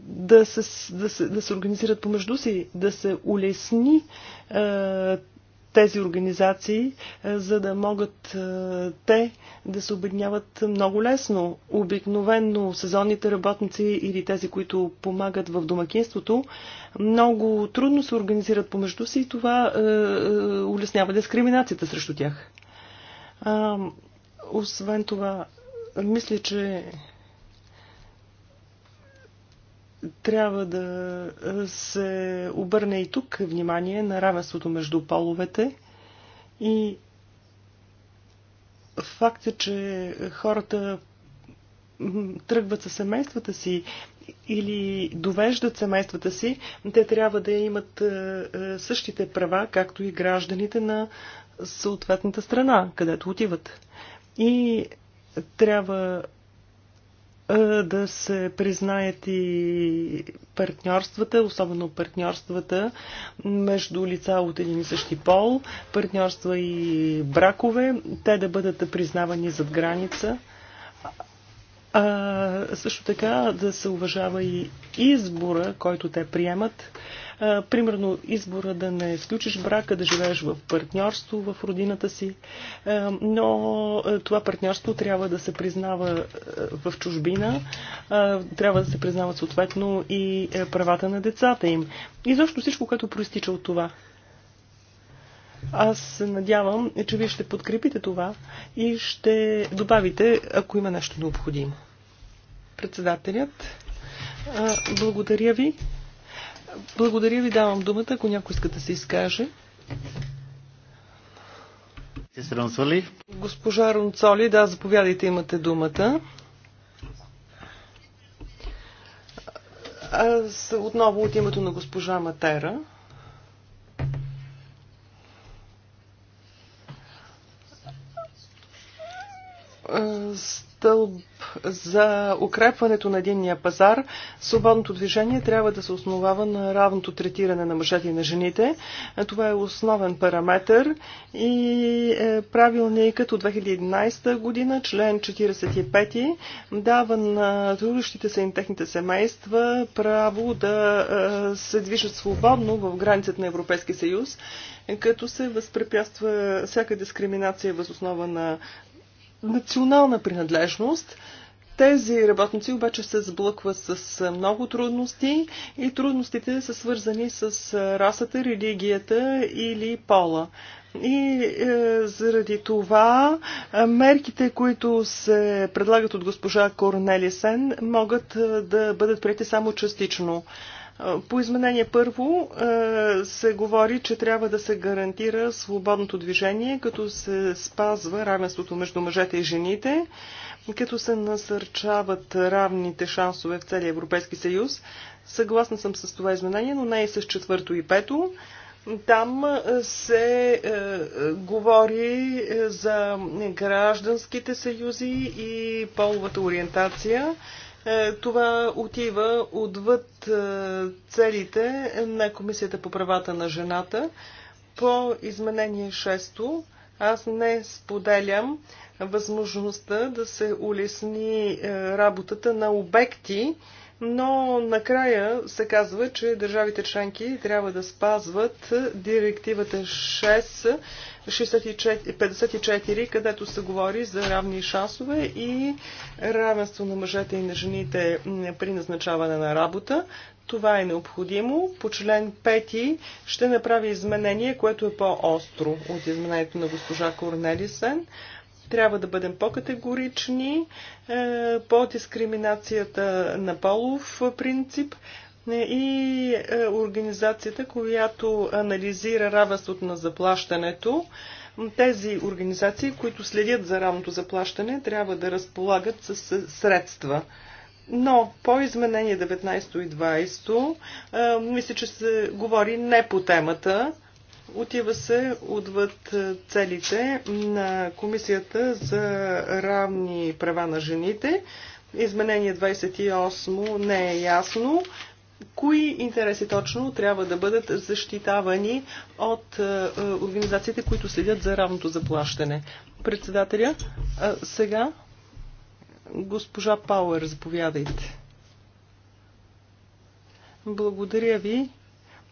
да се, да се, да се организират помежду си, да се улесни тези организации, е, за да могат е, те да се обедняват много лесно. Обикновенно сезонните работници или тези, които помагат в домакинството, много трудно се организират помежду си и това е, улеснява дискриминацията срещу тях. Освен това, мисля, че трябва да се обърне и тук внимание на равенството между половете и факта, че хората тръгват със семействата си или довеждат семействата си, те трябва да имат същите права, както и гражданите на съответната страна, където отиват. И трябва е, да се признаят и партньорствата, особено партньорствата между лица от един и същи пол, партньорства и бракове, те да бъдат признавани зад граница. А, също така да се уважава и избора, който те приемат Примерно избора да не изключиш брака, да живееш в партньорство в родината си, но това партньорство трябва да се признава в чужбина, трябва да се признават съответно и правата на децата им. И защо всичко, което проистича от това. Аз се надявам, че вие ще подкрепите това и ще добавите, ако има нещо необходимо. Председателят, благодаря ви. Благодаря ви, давам думата, ако някой иска да се изкаже. Госпожа Ронцоли, да, заповядайте, имате думата. Аз отново от името на госпожа Матера. Стълб за укрепването на единния пазар, свободното движение трябва да се основава на равното третиране на мъжете и на жените. Това е основен параметр и е правилникът от 2011 година, член 45, дава на трудещите се и техните семейства право да е, се движат свободно в границата на Европейския съюз, като се възпрепятства всяка дискриминация възоснова на национална принадлежност – тези работници обаче се сблъкват с много трудности и трудностите са свързани с расата, религията или пола. И е, заради това е, мерките, които се предлагат от госпожа Корнелисен, могат е, да бъдат прияти само частично. По изменение първо е, се говори, че трябва да се гарантира свободното движение, като се спазва равенството между мъжете и жените като се насърчават равните шансове в целия Европейски съюз. Съгласна съм с това изменение, но не и с четвърто и пето. Там се е, говори е, за гражданските съюзи и половата ориентация. Е, това отива отвъд е, целите на Комисията по правата на жената. По изменение 6 аз не споделям възможността да се улесни е, работата на обекти, но накрая се казва, че държавите членки трябва да спазват директивата 6 54, където се говори за равни шансове и равенство на мъжете и на жените при назначаване на работа. Това е необходимо. По член 5 ще направи изменение, което е по-остро от изменението на госпожа Корнелисен. Трябва да бъдем по-категорични е, по дискриминацията на полов принцип е, и е, организацията, която анализира равенството на заплащането тези организации, които следят за равното заплащане, трябва да разполагат с средства. Но по изменение 19 и 20 мисля, че се говори не по темата. Отива се отвъд целите на Комисията за равни права на жените. Изменение 28 не е ясно. Кои интереси точно трябва да бъдат защитавани от организациите, които следят за равното заплащане? Председателя, сега Госпожа Пауер, заповядайте. Благодаря ви.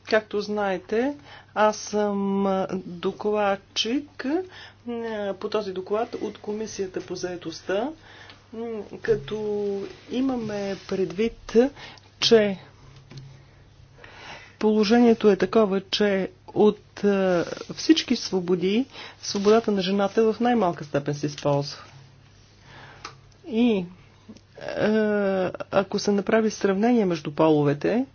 Както знаете, аз съм докладчик е, по този доклад от Комисията по заедостта, като имаме предвид, че положението е такова, че от е, всички свободи, свободата на жената в най-малка степен се използва. И е, ако се направи сравнение между половете,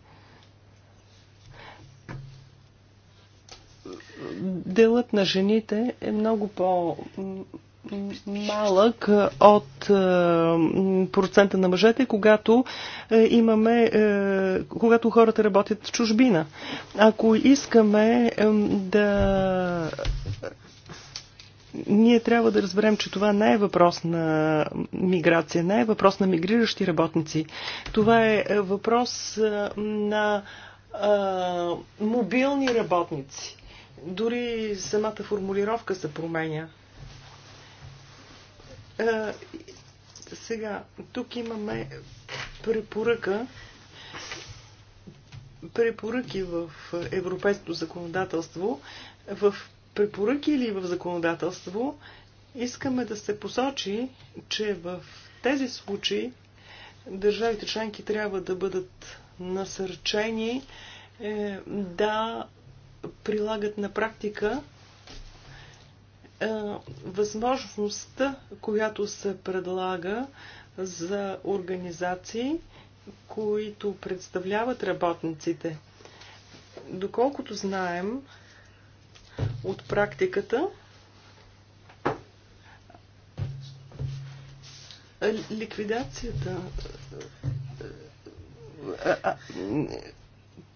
делът на жените е много по малък от е, процента на мъжете, когато е, имаме, когато хората работят в чужбина. Ако искаме да ние трябва да разберем, че това не е въпрос на миграция, не е въпрос на мигриращи работници. Това е въпрос на а, мобилни работници. Дори самата формулировка се променя. А, сега, тук имаме препоръка препоръки в европейското законодателство в препоръки или в законодателство, искаме да се посочи, че в тези случаи държавите членки трябва да бъдат насърчени е, да прилагат на практика е, възможността, която се предлага за организации, които представляват работниците. Доколкото знаем, от практиката. Ликвидацията.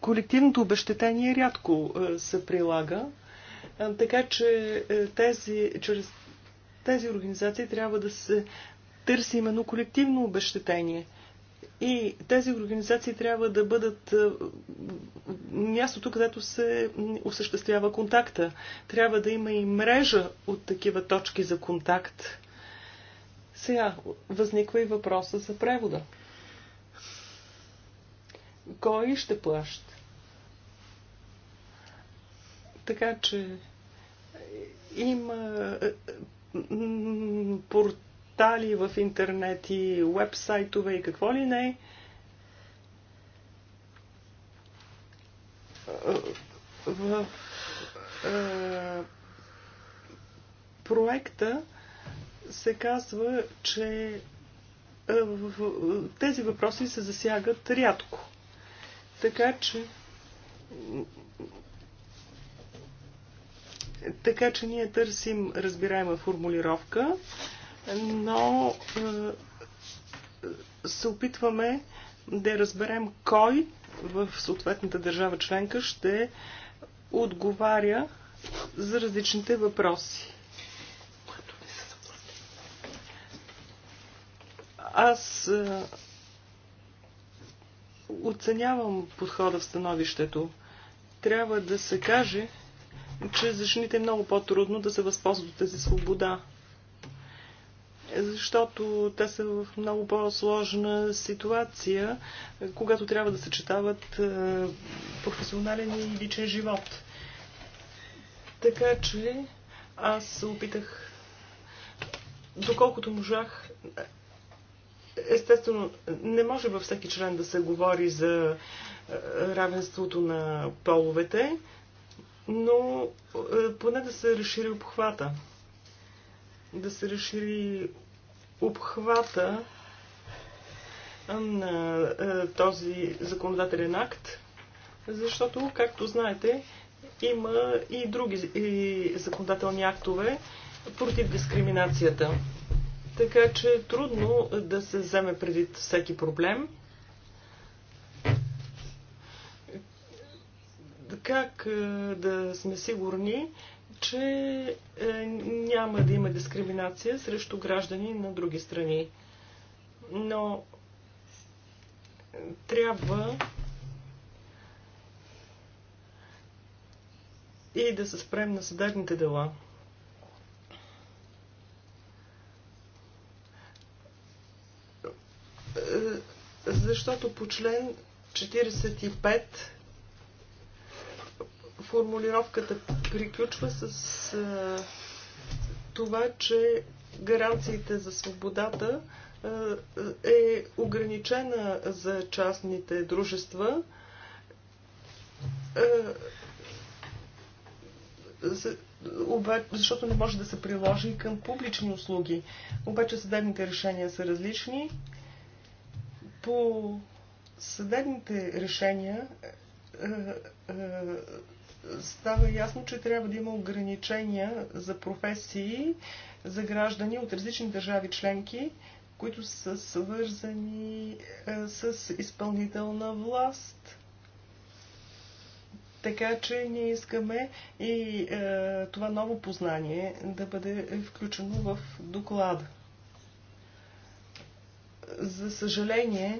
Колективното обещетение рядко се прилага, така че тези, чрез тези организации трябва да се търси именно колективно обещетение – и тези организации трябва да бъдат е, мястото, където се осъществява контакта. Трябва да има и мрежа от такива точки за контакт. Сега възниква и въпроса за превода. Кой ще плаща? Така че има е, порт портали в интернет и вебсайтове и какво ли не. В е, проекта се казва, че е, в, в, тези въпроси се засягат рядко. Така че така че ние търсим разбираема формулировка но е, се опитваме да разберем кой в съответната държава членка ще отговаря за различните въпроси. Аз е, оценявам подхода в становището. Трябва да се каже, че за жените е много по-трудно да се възползват тази свобода защото те са в много по-сложна ситуация, когато трябва да съчетават е, професионален и личен живот. Така че аз се опитах, доколкото можах, естествено, не може във всеки член да се говори за е, равенството на половете, но е, поне да се разшири обхвата да се разшири обхвата на този законодателен акт, защото, както знаете, има и други законодателни актове против дискриминацията. Така че е трудно да се вземе преди всеки проблем. Как да сме сигурни, че е, няма да има дискриминация срещу граждани на други страни. Но трябва и да се спрем на съдебните дела. Е, защото по член 45 формулировката приключва с а, това, че гаранциите за свободата а, е ограничена за частните дружества. А, за, обаче, защото не може да се приложи към публични услуги. Обаче съдебните решения са различни. По съдебните решения става ясно, че трябва да има ограничения за професии за граждани от различни държави членки, които са свързани е, с изпълнителна власт. Така че ние искаме и е, това ново познание да бъде включено в доклада. За съжаление,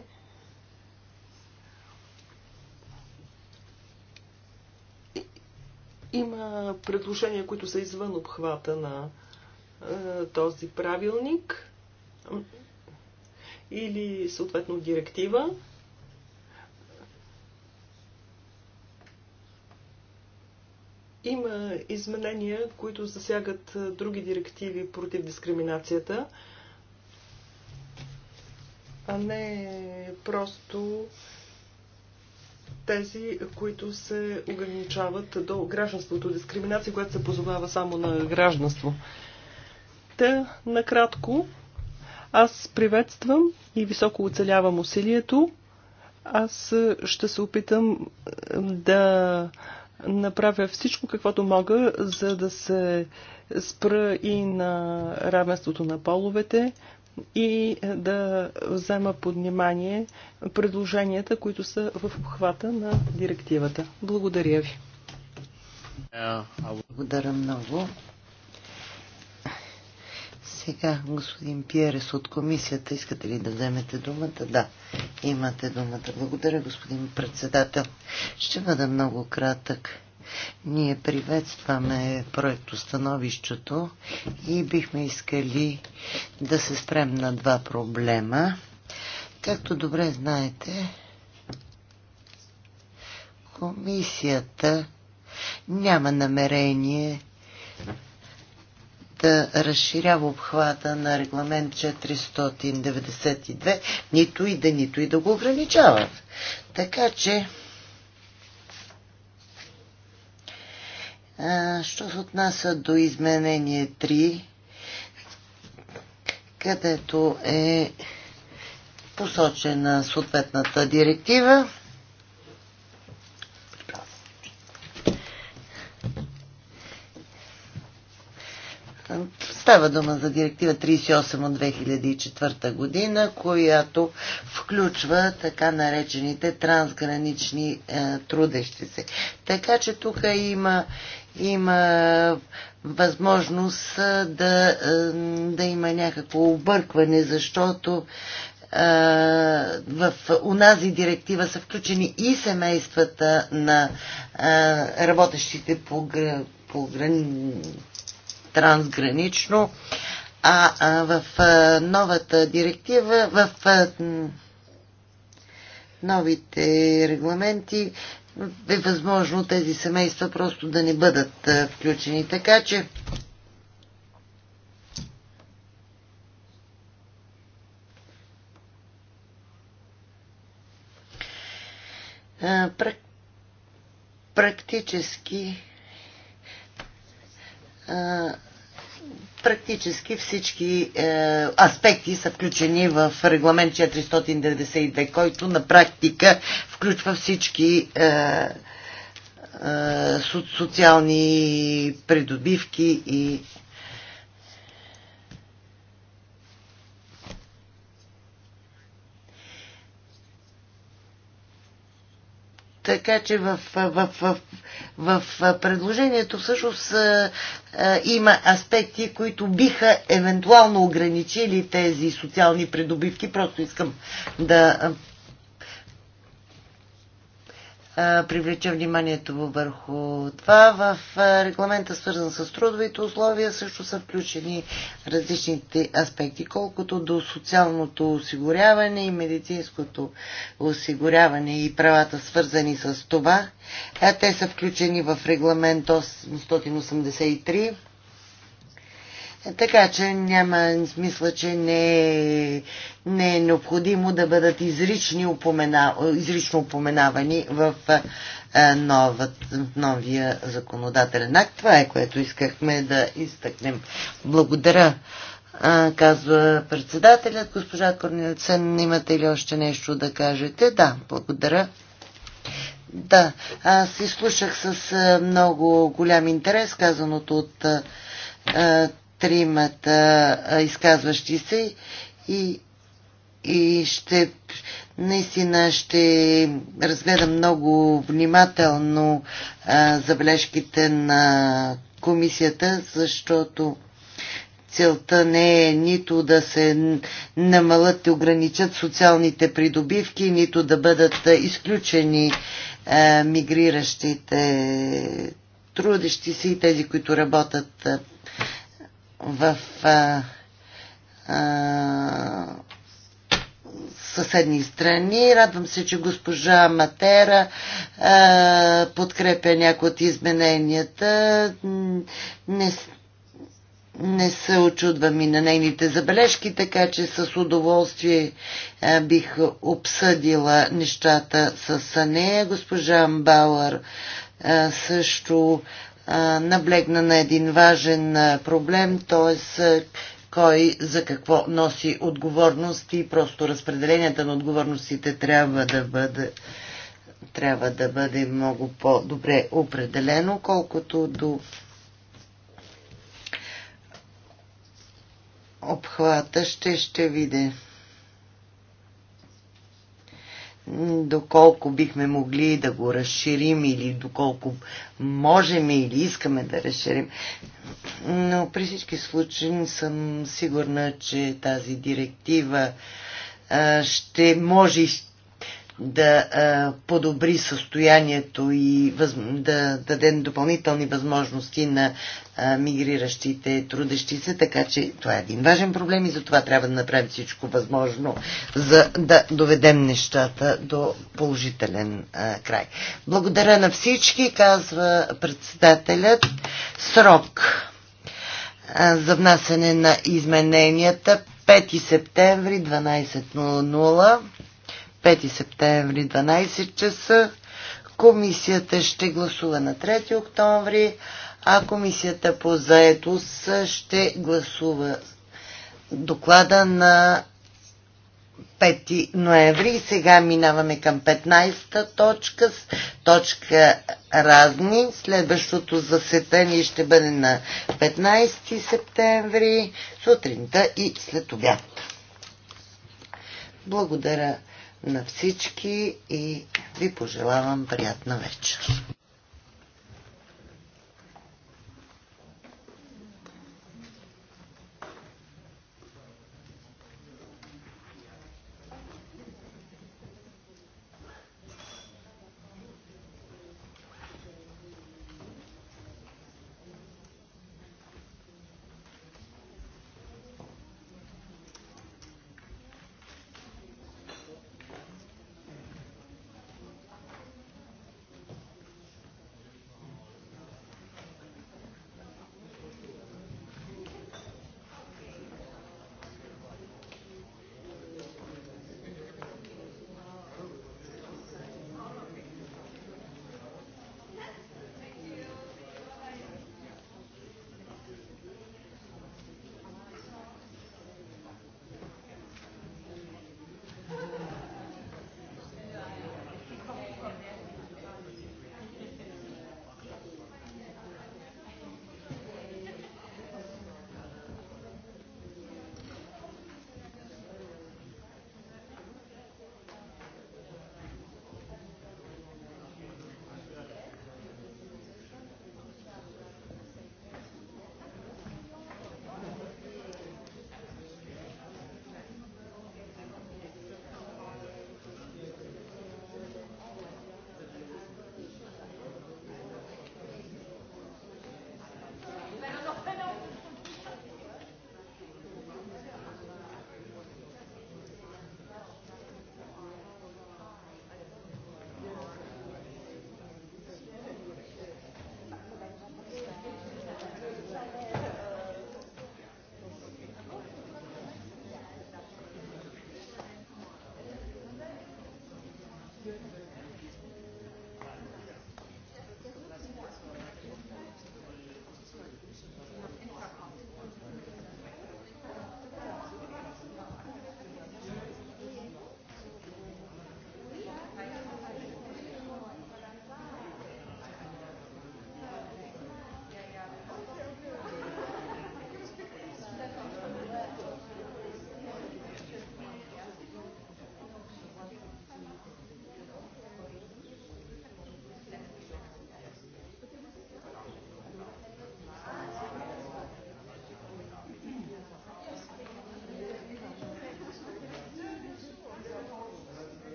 Има предложения, които са извън обхвата на е, този правилник или съответно директива. Има изменения, които засягат е, други директиви против дискриминацията, а не просто е, тези, които се ограничават до гражданството, дискриминация, която се позовава само на гражданство. Та, накратко, аз приветствам и високо оцелявам усилието. Аз ще се опитам да направя всичко каквото мога, за да се спра и на равенството на половете, и е, да взема под внимание предложенията, които са в обхвата на директивата. Благодаря ви. Благодаря много. Сега, господин Пиерес от комисията, искате ли да вземете думата? Да, имате думата. Благодаря, господин председател. Ще бъда много кратък. Ние приветстваме проектостановището и бихме искали да се спрем на два проблема. Както добре знаете, комисията няма намерение да разширява обхвата на регламент 492, нито и да, нито и да го ограничава. Така че Що се отнася до изменение 3, където е посочена съответната директива, Става дума за директива 38 от 2004 година, която включва така наречените трансгранични е, трудещи се. Така че тук има има възможност да, да има някакво объркване, защото в унази директива са включени и семействата на работещите по, по трансгранично, а, в новата директива, в новите регламенти е възможно тези семейства просто да не бъдат е, включени. Така че е, практически е, практически всички е, аспекти са включени в регламент 492, който на практика включва всички е, е, социални придобивки и Така че в, в, в, в, в предложението всъщност а, е, а, е, има аспекти, които биха евентуално ограничили тези социални придобивки. Просто искам да привлеча вниманието върху това. В регламента, свързан с трудовите условия, също са включени различните аспекти, колкото до социалното осигуряване и медицинското осигуряване и правата, свързани с това. Те са включени в регламент 883 така че няма, смисъл, че не е, не е необходимо да бъдат изрични упомена, изрично упоменавани в новът, новия законодателен акт. Това е което искахме да изтъкнем. Благодаря, казва председателят. Госпожа Корнилцен, имате ли още нещо да кажете? Да, благодаря. Да, аз изслушах с много голям интерес казаното от тримата изказващи се и, и ще наистина ще разгледам много внимателно а, забележките на комисията, защото целта не е нито да се намалят и ограничат социалните придобивки, нито да бъдат изключени а, мигриращите трудещи се и тези, които работят в а, а, съседни страни. Радвам се, че госпожа Матера а, подкрепя някои от измененията. Не, не се очудвам и на нейните забележки, така че с удоволствие бих обсъдила нещата с нея. Госпожа Амбауър също наблегна на един важен проблем, т.е. кой за какво носи отговорност и просто разпределенията на отговорностите трябва да бъде трябва да бъде много по-добре определено, колкото до обхвата ще ще видим доколко бихме могли да го разширим или доколко можем или искаме да разширим. Но при всички случаи съм сигурна, че тази директива ще може да а, подобри състоянието и въз... да даде допълнителни възможности на а, мигриращите трудещи се, така че това е един важен проблем и за това трябва да направим всичко възможно, за да доведем нещата до положителен а, край. Благодаря на всички, казва председателят. Срок за внасене на измененията 5 септември 12.00. 5 септември 12 часа. Комисията ще гласува на 3 октомври, а комисията по заетост ще гласува доклада на 5 ноември. Сега минаваме към 15-та точка, точка разни. Следващото заседание ще бъде на 15 септември сутринта и след обяд. Благодаря на всички и ви пожелавам приятна вечер.